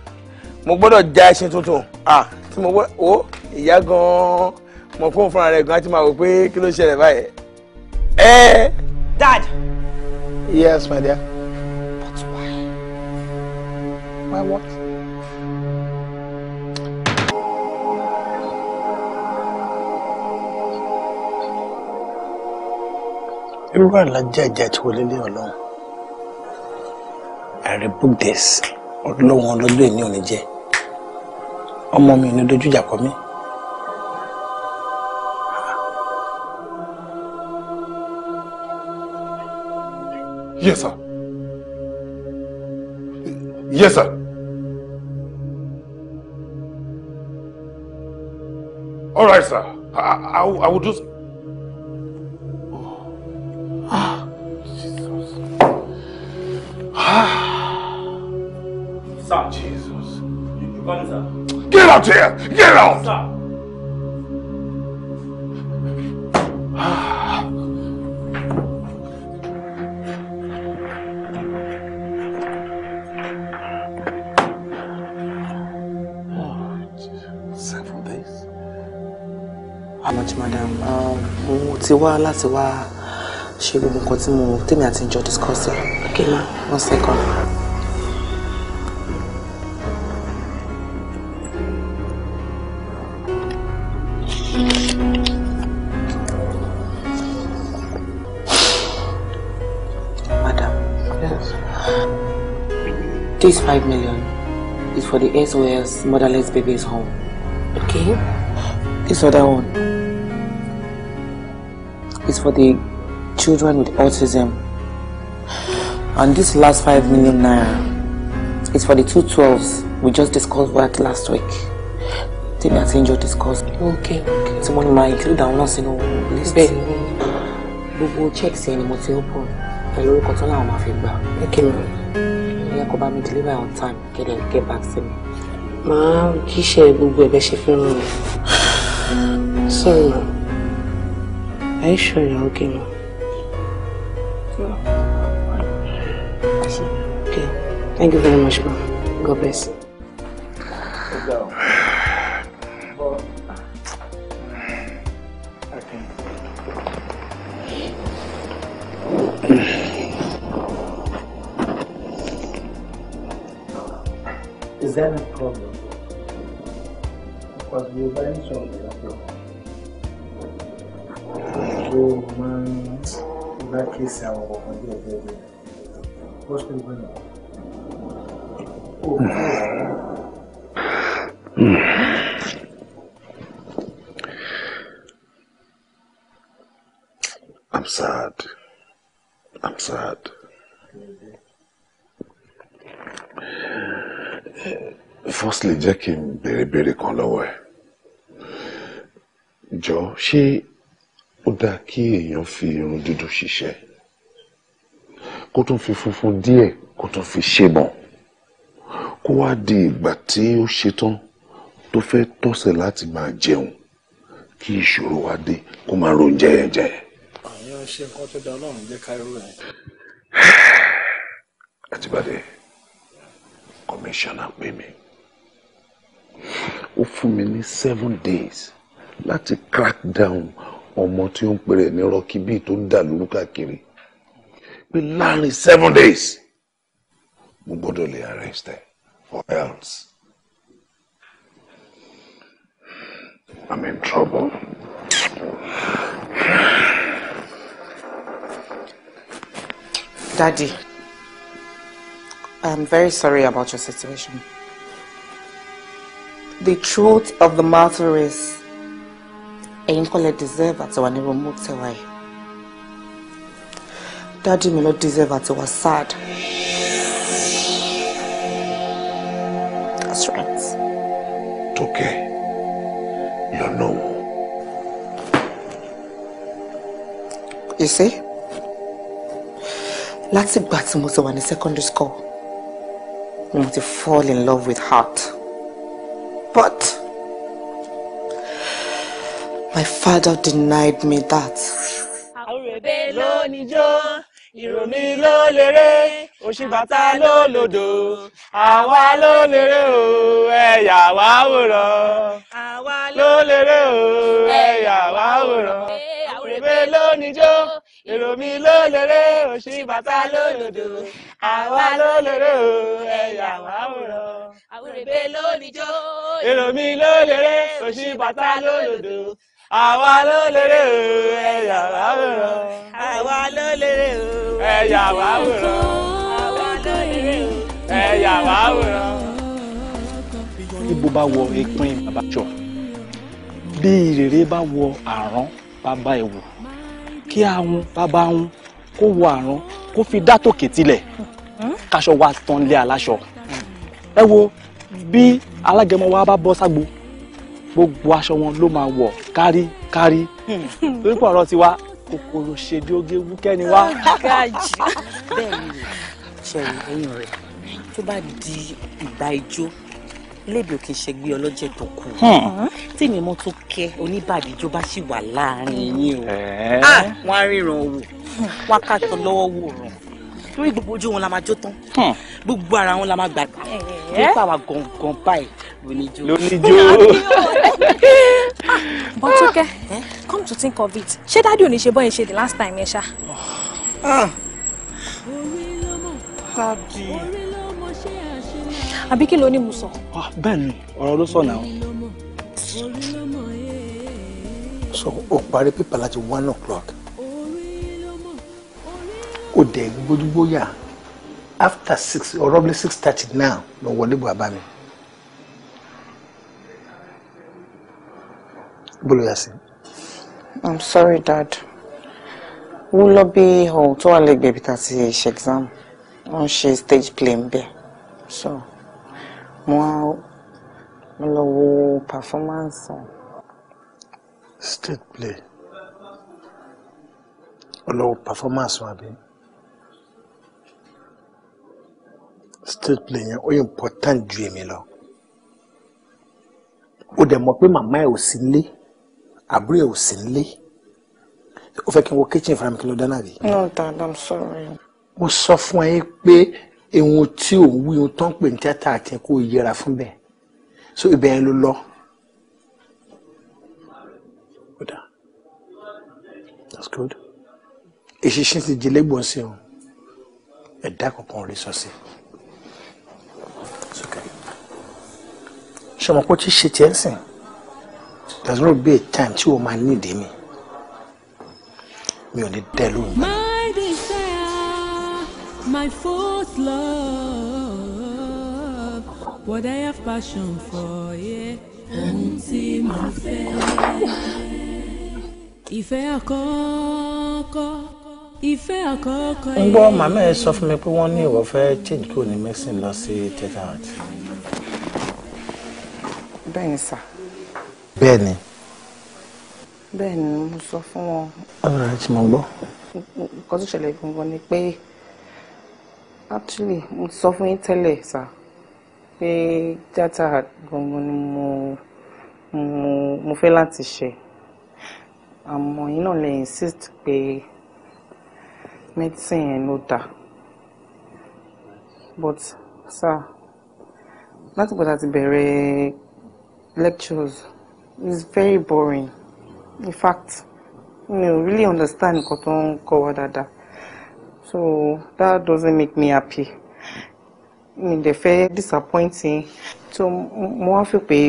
mo gbọ́dọ̀ já ẹṣin tuntun ah tí mo gbọ́dọ̀ o ìyá gan-an mọ̀ fún fúnra rẹ̀ gan-an ti máa wò pé kí ló ṣẹlẹ̀ báyìí. Eh? Dad. Yes, my dear. But why? Why what? Irú àlájá ìjà tí wọlé lé alone. I rebuke this. Ọlọ́run ọlọ́dún èmi ò ní jẹ́. Ọmọ mi ò ní dojú ìjà kọ mí. Yes, sir. Yes, sir. All right, sir. I, I, I will just... Ah, Jesus. Ah. Sir. Jesus. You, you come, sir. Get out here! Get out! Sir. ti wá láti wá ṣe gbogbo nǹkan tí mo tèmi àti ìjọ discuss ẹ. ok ma one second. This five million is for the SOS motherless babies home. Okay. This other one is for the children with autism. And this last 5 million naira is for the two twelves we just discussed that last week. Tèmi àti Angel discussed. Okay. okay. Someone might máa include àwọn náà sínú Please. Ben, ni gbogbo checks yẹn ni mo ti open pẹ̀lú orúkọ tó láwọn máa fi gbà. Okay ma. Ìyá kò bá mi deliver on time kẹ́lẹ́ get back sí mi. Màá jíṣẹ́ gbogbo ẹ̀bẹ̀ ṣe fún mi. Sorry ma. Are you sure you're okay now? Yeah. Okay. Thank you very much, bro. God bless. kíyèsí àwọn ọkọ̀ díẹ̀ díẹ̀ díẹ̀ what's been I'm sad. I'm sad. Firstly, jẹ́ kí n béèrè béèrè kan lọ́wọ́ ẹ̀. Jọ ṣé ó dáa kí èèyàn fi kó tún fi funfun díẹ̀ kó tún fi ṣebọ̀n kó wá di ìgbà tí ó ṣetán tó fẹ́ tọ́sẹ̀ láti máa jẹun kí ìṣòro wá dé kó máa ro jẹyẹjẹ. àyàn ṣe nǹkan tó da ọlọ́run jẹ́ ká irú ẹ̀. <sighs> àtibáde kọmíṣánná pè mí ó fún mi ní seven days láti crack down ọmọ tí ó ń pèrè ní rọkí bíi tó ń dà lórúkà kiri We learn in seven days mo gbọ́dọ̀ lè arrest ẹ for else I'm in trouble. Daddy, I'm very sorry about your situation. The truth of the matter is, Ain't gonna deserve at one remote away. Daddy may not deserve àti wà sad. that's right. It's okay. You know. you see láti ìgbà tí mo ti wà ní secondary school ni must fall in love with heart but my father denied me that ìròmí ló lérè òṣìbàtà ló lòdò àwa ló lérè o ẹ̀yà wá wòrán àwa ló lérè o ẹ̀yà wá wòrán òrèbè ló níjó ìròmí ló lérè òṣìbàtà ló lòdò àwa ló lérè o ẹ̀yà wá wòrán òrèbè ló níjó ìròmí ló lérè òṣìbàtà ló lòdò àwa ló lérè o ẹ̀yà wàwòrán àwa ló lérè o ẹ̀yà wàwòrán àwa ló lérè o ẹ̀yà wàwòrán. ibo bá wọ ìpín bàbá jọ bí ìrèrè bá wọ àrán bàbá ẹ̀wò kí àwọn bàbá wọn kó wọ àrán kó fi dá tòkè tilẹ̀ káṣọ wa tán lé aláṣọ ẹ wo bí alágẹmọ wa bá bọ́ ságbo gbogbo aṣọ wọn ló máa wọ̀ kárí kárí hmm. torí pọ̀ ọ̀rọ̀ tiwa kòkòrò ṣèdí wúkẹ́ni wá. <laughs> bẹ́ẹ̀ ni ṣẹ̀rí ẹ̀yìn tó bá di ìgbà ijó lébi òkè ṣẹgbẹ́ ọlọ́jẹ̀ tó kù hmm. tí mi mọ́ tó kẹ́ oníbàdíjó bá sì wà láàrin yín o ah, wọ́n á ríran wò wákàtí lọ́wọ́ wòran torí gbogbo ojú wọn la máa jó tán hmm. gbogbo ara wọn la máa gbà tó pa wà gangan báyìí lóníjó. lóníjó. <laughs> bọ́túkẹ́ eh, come to think of it ṣé dáàdi ò ní ṣe bọ́yìn ṣe the last time yẹn ṣá. Ah. dáàdi. àbí kí ló ní mo sọ. Ah, bẹ́ẹ̀ ni ọ̀rọ̀ ló sọ náà sọ eh. ó parí pípa láti one o'clock kò dẹ̀ gbójúgbóyà after six or roughly six thirty now ló wọlé bọ̀ mi. bolo ya sí. i'm sorry dad wọ́n lọ bí ọ̀hún tó wà lẹ́gbẹ̀ẹ́ bí tàti ṣe exam wọ́n ṣe stage play ń bẹ̀ so mo lọ wo performance. stage play ọlọ́wọ́ performance wọn àbí. state play yẹn ó important ju èmi lọ ó dẹ̀ mọ̀ pé màmá ẹ̀ ò sí nílé àbúrò ẹ̀ ò sí nílé ó fẹ́ kí n wo kitchen fúnra mi kí n lọ dáná rí. no dad i'm sorry. mo sọ fún ẹ pé ohun tí òun wí ohun tó ń pè ní tíátà àti ẹ̀kọ́ yẹra fún bẹ́ẹ̀ so ibẹ̀ yẹn ló lọ. that's good. èṣìṣẹ́ ti di lẹ́gbọ̀n sí òun ẹ̀dá kankan ò lè sọ ṣe mọ̀ pé ó ti ṣe tiẹ̀ sìn there's no be a time tí o máa ní mi mi ò ní dẹ́ lóhùn. my desire my first love what I have passion for yeah ohun tí mo fẹ́ ìfẹ́ àkọ́kọ́ ìfẹ́ àkọ́kọ́ yìí. ń gbọ́ màmá ẹ sọ fún mi pé wọ́n ní ìwọ fẹ́ change kúrò ní medicine lọ sí theatre bẹ́ẹ̀ ni sà. bẹ́ẹ̀ ni. bẹ́ẹ̀ ni mo sọ fún wọn. ọ̀rọ̀ tí mo gbọ́. nǹkan tó ṣẹlẹ̀ gbọ̀ngàn ni pé actually mo sọ fún yín tẹ́lẹ̀ sà pé dátà gbọ̀ngàn ni mo mo mo fẹ́ láti ṣe àmọ́ yín náà lè insist pé medicine yẹn ló dáa but sir láti gbọ́dọ̀ ti bẹ̀rẹ̀ lectures it's very boring in fact you ò really understand nǹkan tó ń kọ́ so that doesn't make me happy I mean, they're very disappointing so more wá fi pé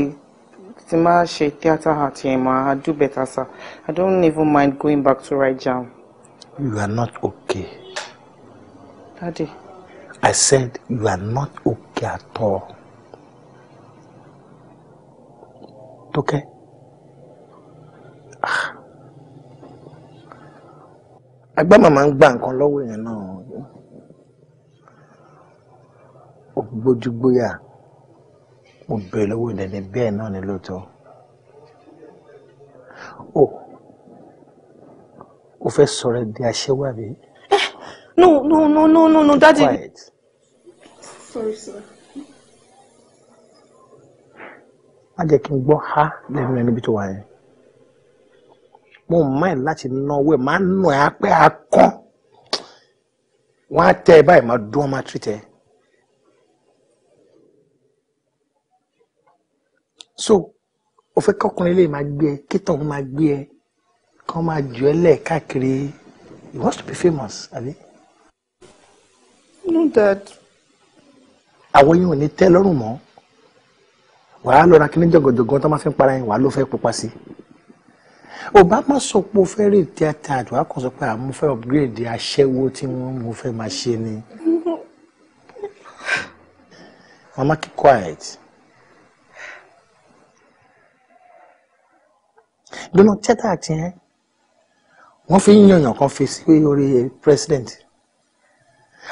tí n máa do better sir i don't even mind going back to write jam. you are not okay. daddy. i said you are not okay at all. Tókẹ́. Ah. agbámọ̀ máa ń gba nǹkan lọ́wọ́ èèyàn náà ó gbójú gbóyà mo bẹ̀rẹ̀ lọ́wọ́ ìdẹ̀ni bẹ́ẹ̀ náà ni lóòótọ́ ó ó fẹ́ sọ̀rọ̀ di aṣẹ́wó àbí. Eh, no no no no no no daddy. quiet. sorry sir. má kí n gbọ́ ha lẹ́nu ẹ níbi tó wà yẹn mo má ẹ̀ láti náwó ẹ̀ má nù ẹ̀ apẹ́ akán wọ́n á tẹ́ ẹ báyìí má dún ọmọ àtúntẹ̀ so o fẹ́ kọ́kùnrin lè máa gbé ẹ kíntàn máa gbé ẹ kán máa jù ẹ lẹ̀ káàkiri you want to be famous àbí. no dad. àwọn yìí ò ní tẹ́ lọ́rùn mọ́ wàá lọ ra kíní jọ̀gọ̀jọ̀gọ̀ tó máa fi ń para yẹn wàá ló fẹ́ pupa sí i ọba má sọ pé o fẹ́ rè tíátà àdúrà kan sọ pé àmú fẹ́ upgrade aṣẹ́wó tí wọ́n mú fẹ́ máa ṣe ni. mama keep quiet. gbọ́nà tíátà àti yẹn wọ́n fi ń yànyàn kan fi sí orí president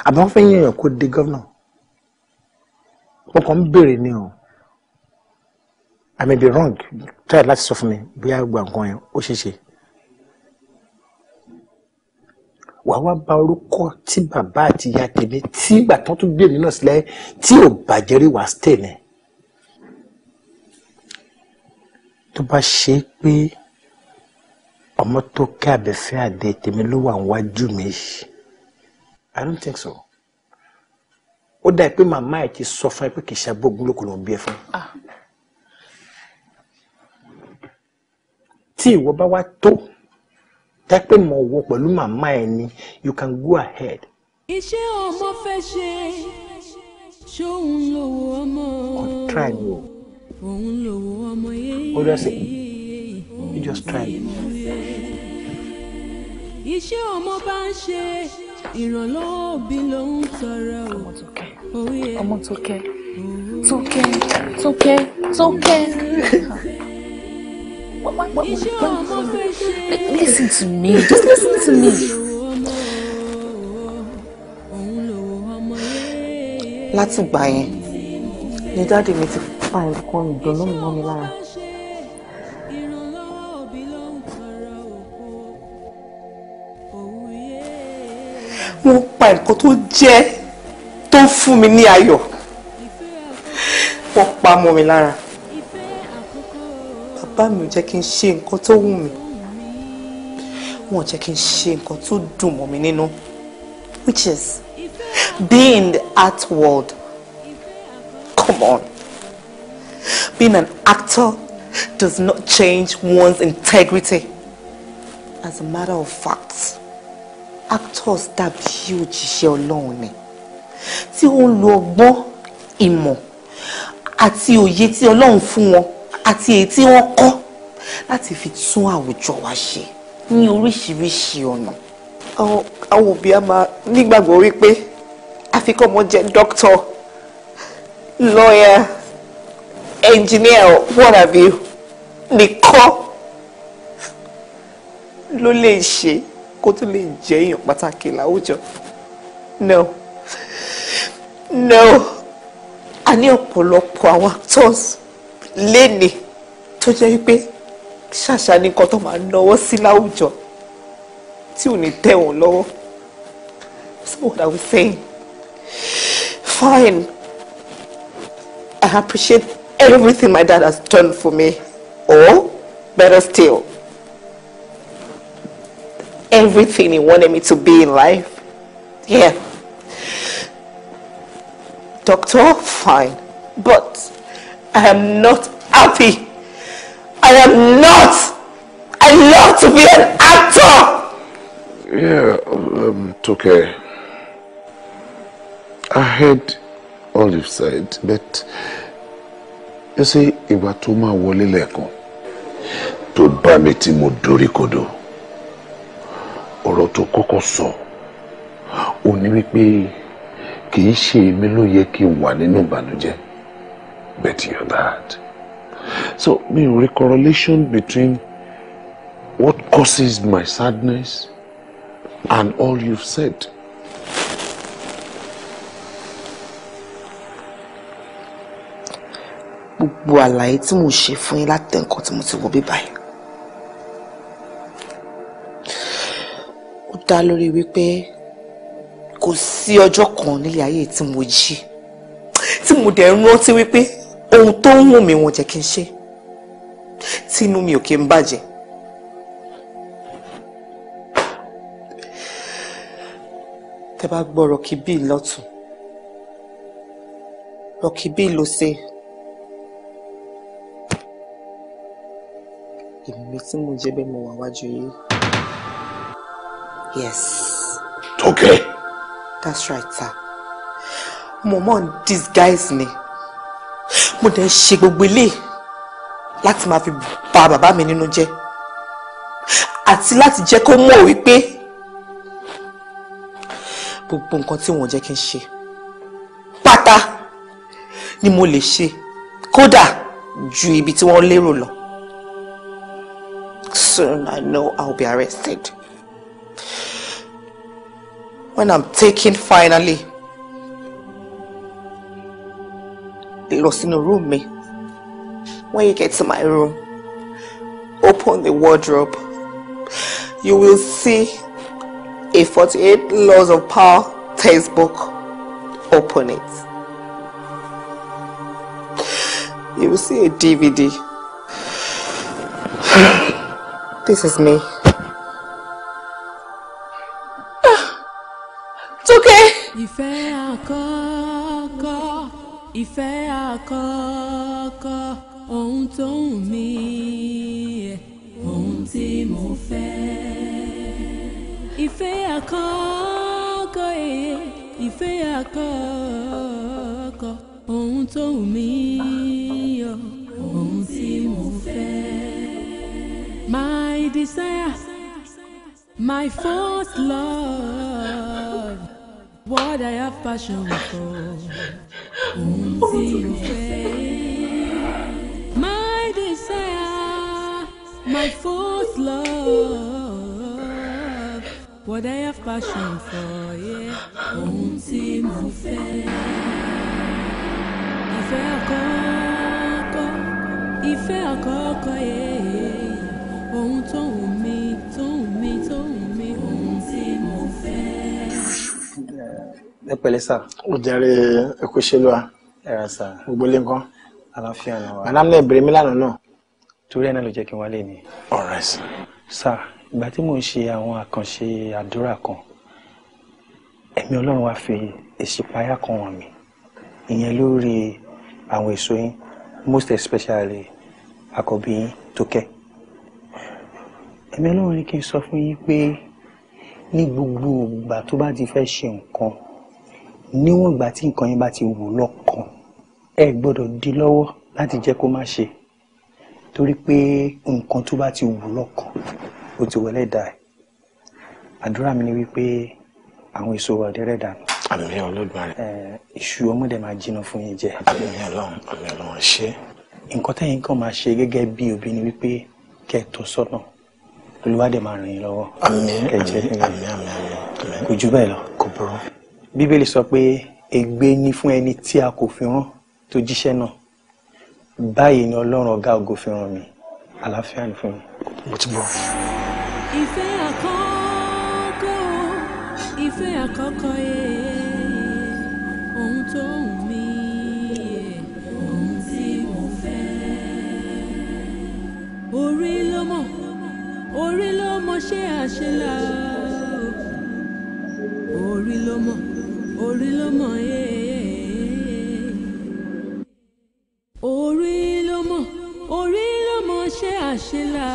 àbí wọ́n fi ń yànyàn kó di governor wọ́n kàn ń béèrè ni o. I may be wrong try láti sọ fún mi bóyá gba nǹkan yẹn ó ṣeé ṣe. wàá wá ba orúkọ tí bàbá àti ìyá tèmi tí ìgbà tó tún gbé mi náà sílẹ̀ tí ò bàjẹ́ rí wàá stay ni. tó bá ṣe é pé ọmọ tó ká abẹ́fẹ́ àdé tèmi ló wà níwájú mi I don't think so. ó dà pé màmá ẹ̀ ti sọ fún ẹ pé kì í ṣe agbógun lóko ló ń bí ẹ fún. Ah. tí ìwọ bá wá tó tẹ́pẹ́ mọ̀ wọ pẹ̀lú màmá ẹ ni you can go ahead. iṣẹ́ ọmọ fẹ́ ṣe ṣóun lòwò ọmọ òun lòwò ọmọ yéyé ó dẹ́sẹ̀ you just try. iṣẹ́ ọmọ bá ń ṣe ìrànlọ́wọ́ òbí ló ń tọrọ o. ọmọ tó kẹ́ tó kẹ́ tó kẹ́ tó kẹ́. <laughs> Listen to me. Just listen to me. láti gbà yẹn ni dáàdì mi ti fa nǹkan ìdùnnú mi mọ́ mi lára. wọ́n pa nǹkan tó jẹ́ tó ń fún mi ní ayọ̀ wọ́n pa mọ́ mi lára bá mi ò jẹ́ kí n ṣe nǹkan tó wù mí wọn ò jẹ́ kí n ṣe nǹkan tó dùn mọ́ mi nínú which is being the art world come on being an actor does not change one's integrity as a matter of fact actors dàbí òjíṣẹ́ ọlọ́run ni tí ó ń lo ọgbọ́n ìmọ̀ àti òye tí ọlọ́run fún wọn àti èyí tí wọ́n kọ́ láti fi tún àwùjọ wa ṣe ní oríṣiríṣi ọ̀nà. àwọn òbí a máa nígbàgbọ́ wípé àfikún ọmọ jẹ́ dókítà lọ́ọ̀yà ẹnjìníà what have you nìkan ló lè ṣe kó tó lè jẹ́ èèyàn pàtàkì láwùjọ. no no a ní ọ̀pọ̀lọpọ̀ àwọn actors léni tó jẹ́ wípé ṣàṣà ní nǹkan tó máa ń náwó sí láwùjọ tí ò ní tẹ̀ wọ́n lọ́wọ́ so what are we saying fine I appreciate everything my dad has done for me or better still everything he wanted me to be in life yeah doctor fine but. I am not happy. I am not. I love to be an actor. Yeah, um, it's okay. I heard all you've said, but you see, ìgbà tó máa wọlé lẹ́ẹ̀kan tó bá mi tí mo dorí kodò ọ̀rọ̀ tó kọ́kọ́ sọ ò ní wípé kì í ṣe bet you that. So, me ò correlation between what causes my sadness and all you've said. Gbogbo àlàyé tí mo ṣe fún yín láti nǹkan tí mo ti wọ bíbá yìí. Ó dá lórí wípé kò sí ọjọ́ kan nílé ayé tí mo jí tí mo dẹ̀ rántí wípé ohun tó ń wù mí wọn jẹ́ kí n ṣe tínú mi ò kí n bàjẹ́. tẹ bá gbọ́ rọ̀kì bíi lọ́tún rọ̀kì bíi lọ́sẹ̀ èmi tí mo jẹ́ bẹ́ẹ̀ mo wà wájú yìí. yes. tókè. Okay. that's right sir. mo mọ̀ ń disguise ni mo dẹ̀ ń ṣe gbogbo eléyìí láti máa fi bà bàbá mi nínú jẹ́ àti láti jẹ́ kó mọ̀ wípé gbogbo nǹkan tí wọ́n jẹ́ kí n ṣe pátá ni mo lè ṣe kódà ju ibi tí wọ́n lérò lọ. Soon I know I will be arrested. When I'm taken finally. in the room me. when you get to my room open the wardrobe you will see a forty-eight laws of power textbook open it you will see a DVD <sighs> this is me. Ah, it's okay. ìfẹ́ àkọ́kọ́ ohun tó wù mí ohun tí mo fẹ́. ìfẹ́ àkọ́kọ́ ìfẹ́ àkọ́kọ́ ohun tó wù mí ohun tí mo fẹ́. My desire, my first love, what I have passion for. My desire, my fourth love, what I have passion for, yeah. Ohun tí mo fẹ́. Ìfẹ́ àkọ́kọ́, ìfẹ́ àkọ́kọ́, yeah. Ohun tó wù mí, tó wù mí, tó wù mí, ohun tí mo fẹ́ ní pẹ̀lẹ́ sà. ó jàre ẹkú ṣẹlú wa. ẹ̀rọ sà. gbogbo lé nǹkan. àlàáfíà ni wa. madam náà bèrè mí lánàá náà. torí ẹ̀ náà ló jẹ́ kí n wálé ni. ọ̀rẹ́ sà. ìgbà tí mò ń ṣe àwọn àkànṣe àdúrà kan ẹ̀mí ọlọ́run wá fi ìṣípayá kan hàn mí ìyẹn lórí àwọn èso yín most especially àkọ́bí yín tó kẹ́ ẹ̀mí ọlọ́run ni kí n sọ fún yín pé ní gbogbo ìgbà tó bá ti fẹ́ ṣe nǹkan níwọ̀n ìgbà tí nǹkan yẹn bá ti wù lọ́kàn ẹ gbọ́dọ̀ di lọ́wọ́ láti jẹ́ kó má ṣe torí pé nǹkan tó bá ti wù lọ́kàn ó ti wọlé dà ẹ́ àdúrà mi ni wípé àwọn èso wà dẹ́rẹ́ dànù. àmì ọlọ́gbà rẹ̀. ìṣù ọmọdé máa jiná fún yín jẹ. àmì ọlọ́run àmì ọlọ́run ṣe. nǹkan tẹ́yìn kan máa ṣe gẹ́gẹ́ bí òbí ni wípé kẹ́ ẹ tọ́ sọ́nà olúwádẹ máa ràn yín lọ́wọ́. àmì àmì àmì àmì àmì kò jù bẹ́ẹ̀ lọ. kò burú bíbélì sọ pé ègbé ni fún ẹni tí a kò fi rán tó jíṣẹ́ náà báyìí ni ọlọ́run ọ̀gá ògo fi ràn mí àlàáfíà ni fún mi. mo ti bọ̀. ìfẹ́ àkọ́kọ́ ìfẹ́ àkọ́kọ́ yẹ ohun tó ń mi yẹ ohun tí mo fẹ́. orí ló mọ̀ orí ló mọ̀ ṣé àṣẹ là orí ló mọ̀ orí ló mọ̀ orí ló mọ̀ orí ló mọ̀ ṣe àṣelà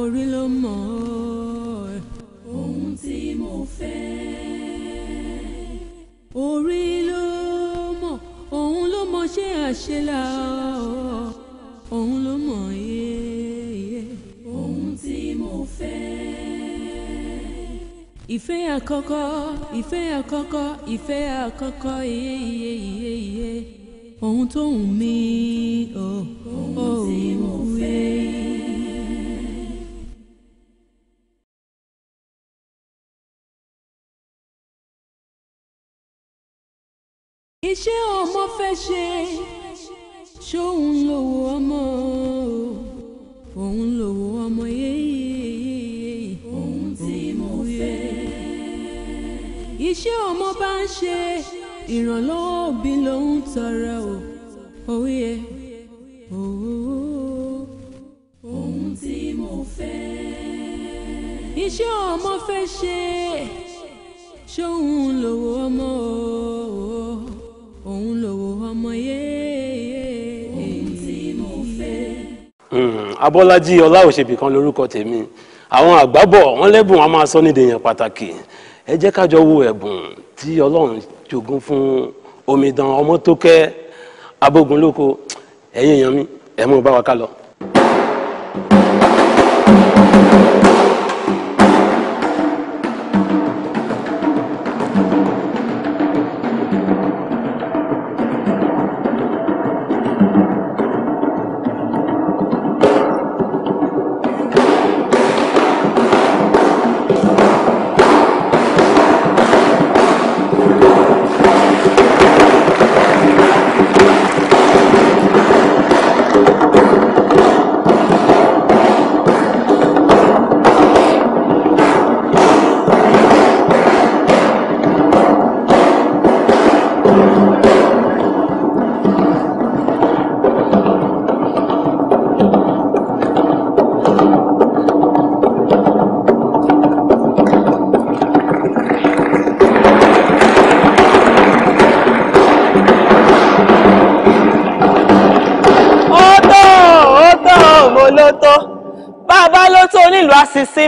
orí ló mọ̀ ohun tí mo fẹ́ orí ló mọ̀ òun mo fẹ́ ìfẹ́ àkọ́kọ́ ìfẹ́ àkọ́kọ́ ìfẹ́ àkọ́kọ́ iye iye iye iye ohun tó wù mí o ohun tí mo fẹ́. iṣẹ́ ọmọ fẹ́ ṣe ṣóun lòwò ọmọ òun lòwò ọmọ yẹn. iṣẹ́ ọmọ bá ń ṣe ìrànlọ́wọ́ òbí ló ń tọrọ o òye òwò. ohun tí mo fẹ́. iṣẹ́ ọmọ fẹ́ ṣe ṣóhun lòwò ọmọ o òun lòwò ọmọ yé. Hmm, Abọ́lájí Ọláòṣèbí kan tèmi àwọn àgbábọ̀ wọn lẹ́bùn wọn máa sọ nídìí yẹn pàtàkì ẹ jẹ́ ká jọ wo ẹ̀bùn tí ọlọ́run jogún fún omidan ọmọ tó kẹ́ abógunlóko ẹ̀yin èèyàn mi ẹ̀ mú bá wa ká lọ.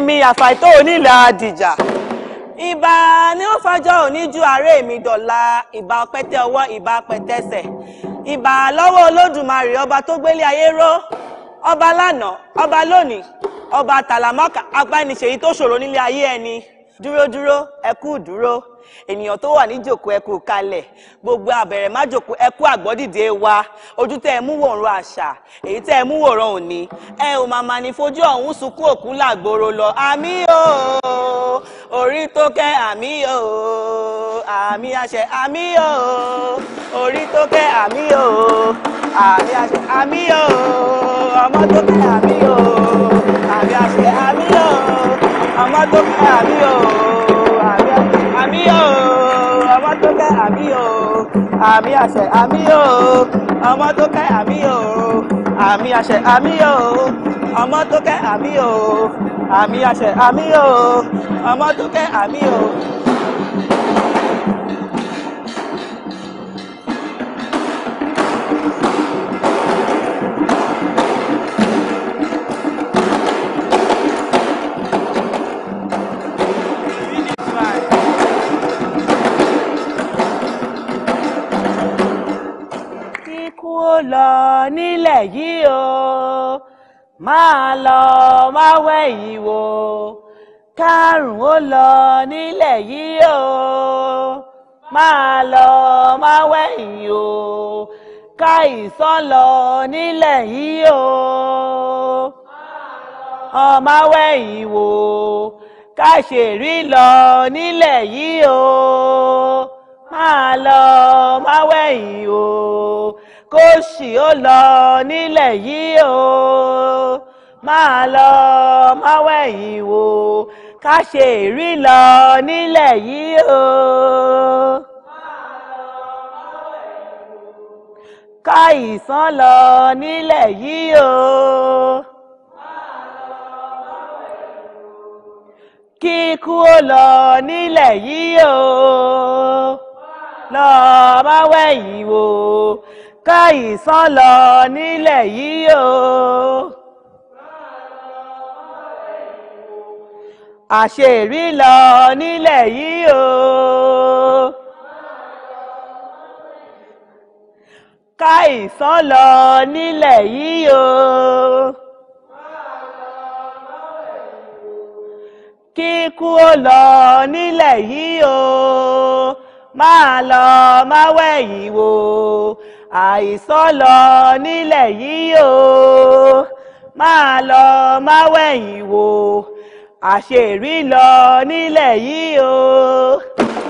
mi àfàìtọ́ onílẹ̀ àdìjà ìbà ni ó fàjọ òní ju àárẹ̀ mi dọ̀la ìbà ọpẹ́tẹ́ ọwọ́ ìbà pẹ̀tẹ́sẹ̀ ọba tó gbélé ayé ró ọba lánàá ọba lónìí ọba tàlàmọ́kà apániṣèyí tó ṣòro nílé ayé ẹni dúró ènìyàn tó wà kalẹ̀ gbogbo àgbọ́dìde wa ojú tẹ́ ẹ mú wòran àṣà èyí tẹ́ ẹ mú wòran òní ẹ ò màmá ní fojú ọ̀hún sunkún òkú làgbòrò lọ àmì o orí tó kẹ́ àmì o àmì àṣẹ àmì o orí tó kẹ́ àmì o àmì àṣẹ àmì o ọmọ tó kẹ́ àmì o àmì àṣẹ àmì o ọmọ tó kẹ́ àmì o àmì àṣẹ àmì o ọmọ tó kẹ́ àmì o àmì àṣẹ àmì yóò ọmọ tó kẹ́ àmì yóò àmì àṣẹ àmì yóò ọmọ tó kẹ́ àmì yóò àmì àṣẹ àmì yóò ọmọ tó kẹ́ àmì yóò. ó lọ nílẹ̀ yìí o máa lọ máa wẹ̀yìn wò kárùn ó lọ nílẹ̀ yìí o máa lọ máa wẹ̀yìn o káìsán lọ nílẹ̀ yìí o ọmọ wẹ̀yìn wò káṣèrí lọ nílẹ̀ yìí o máa lọ máa wẹ̀yìn o kóṣì ó lọ nílẹ̀ yìí o máa lọ máwẹ̀yìn wò ká ṣe ìrí lọ nílẹ̀ yìí o. ká ìsán lọ nílẹ̀ yìí o. kíkú ó lọ nílẹ̀ yìí o. lọ máwẹ̀yìn wò káìsán lọ nílẹ̀ yìí o. àṣèrí lọ nílẹ̀ yìí o. káìsán lọ nílẹ̀ yìí o. kíkú ó lọ nílẹ̀ yìí o máa lọ máwẹ̀yìn wò àìsàn lọ nílẹ̀ yìí o máa lọ máa wẹ̀yìn wò àṣèrí lọ nílẹ̀ yìí o.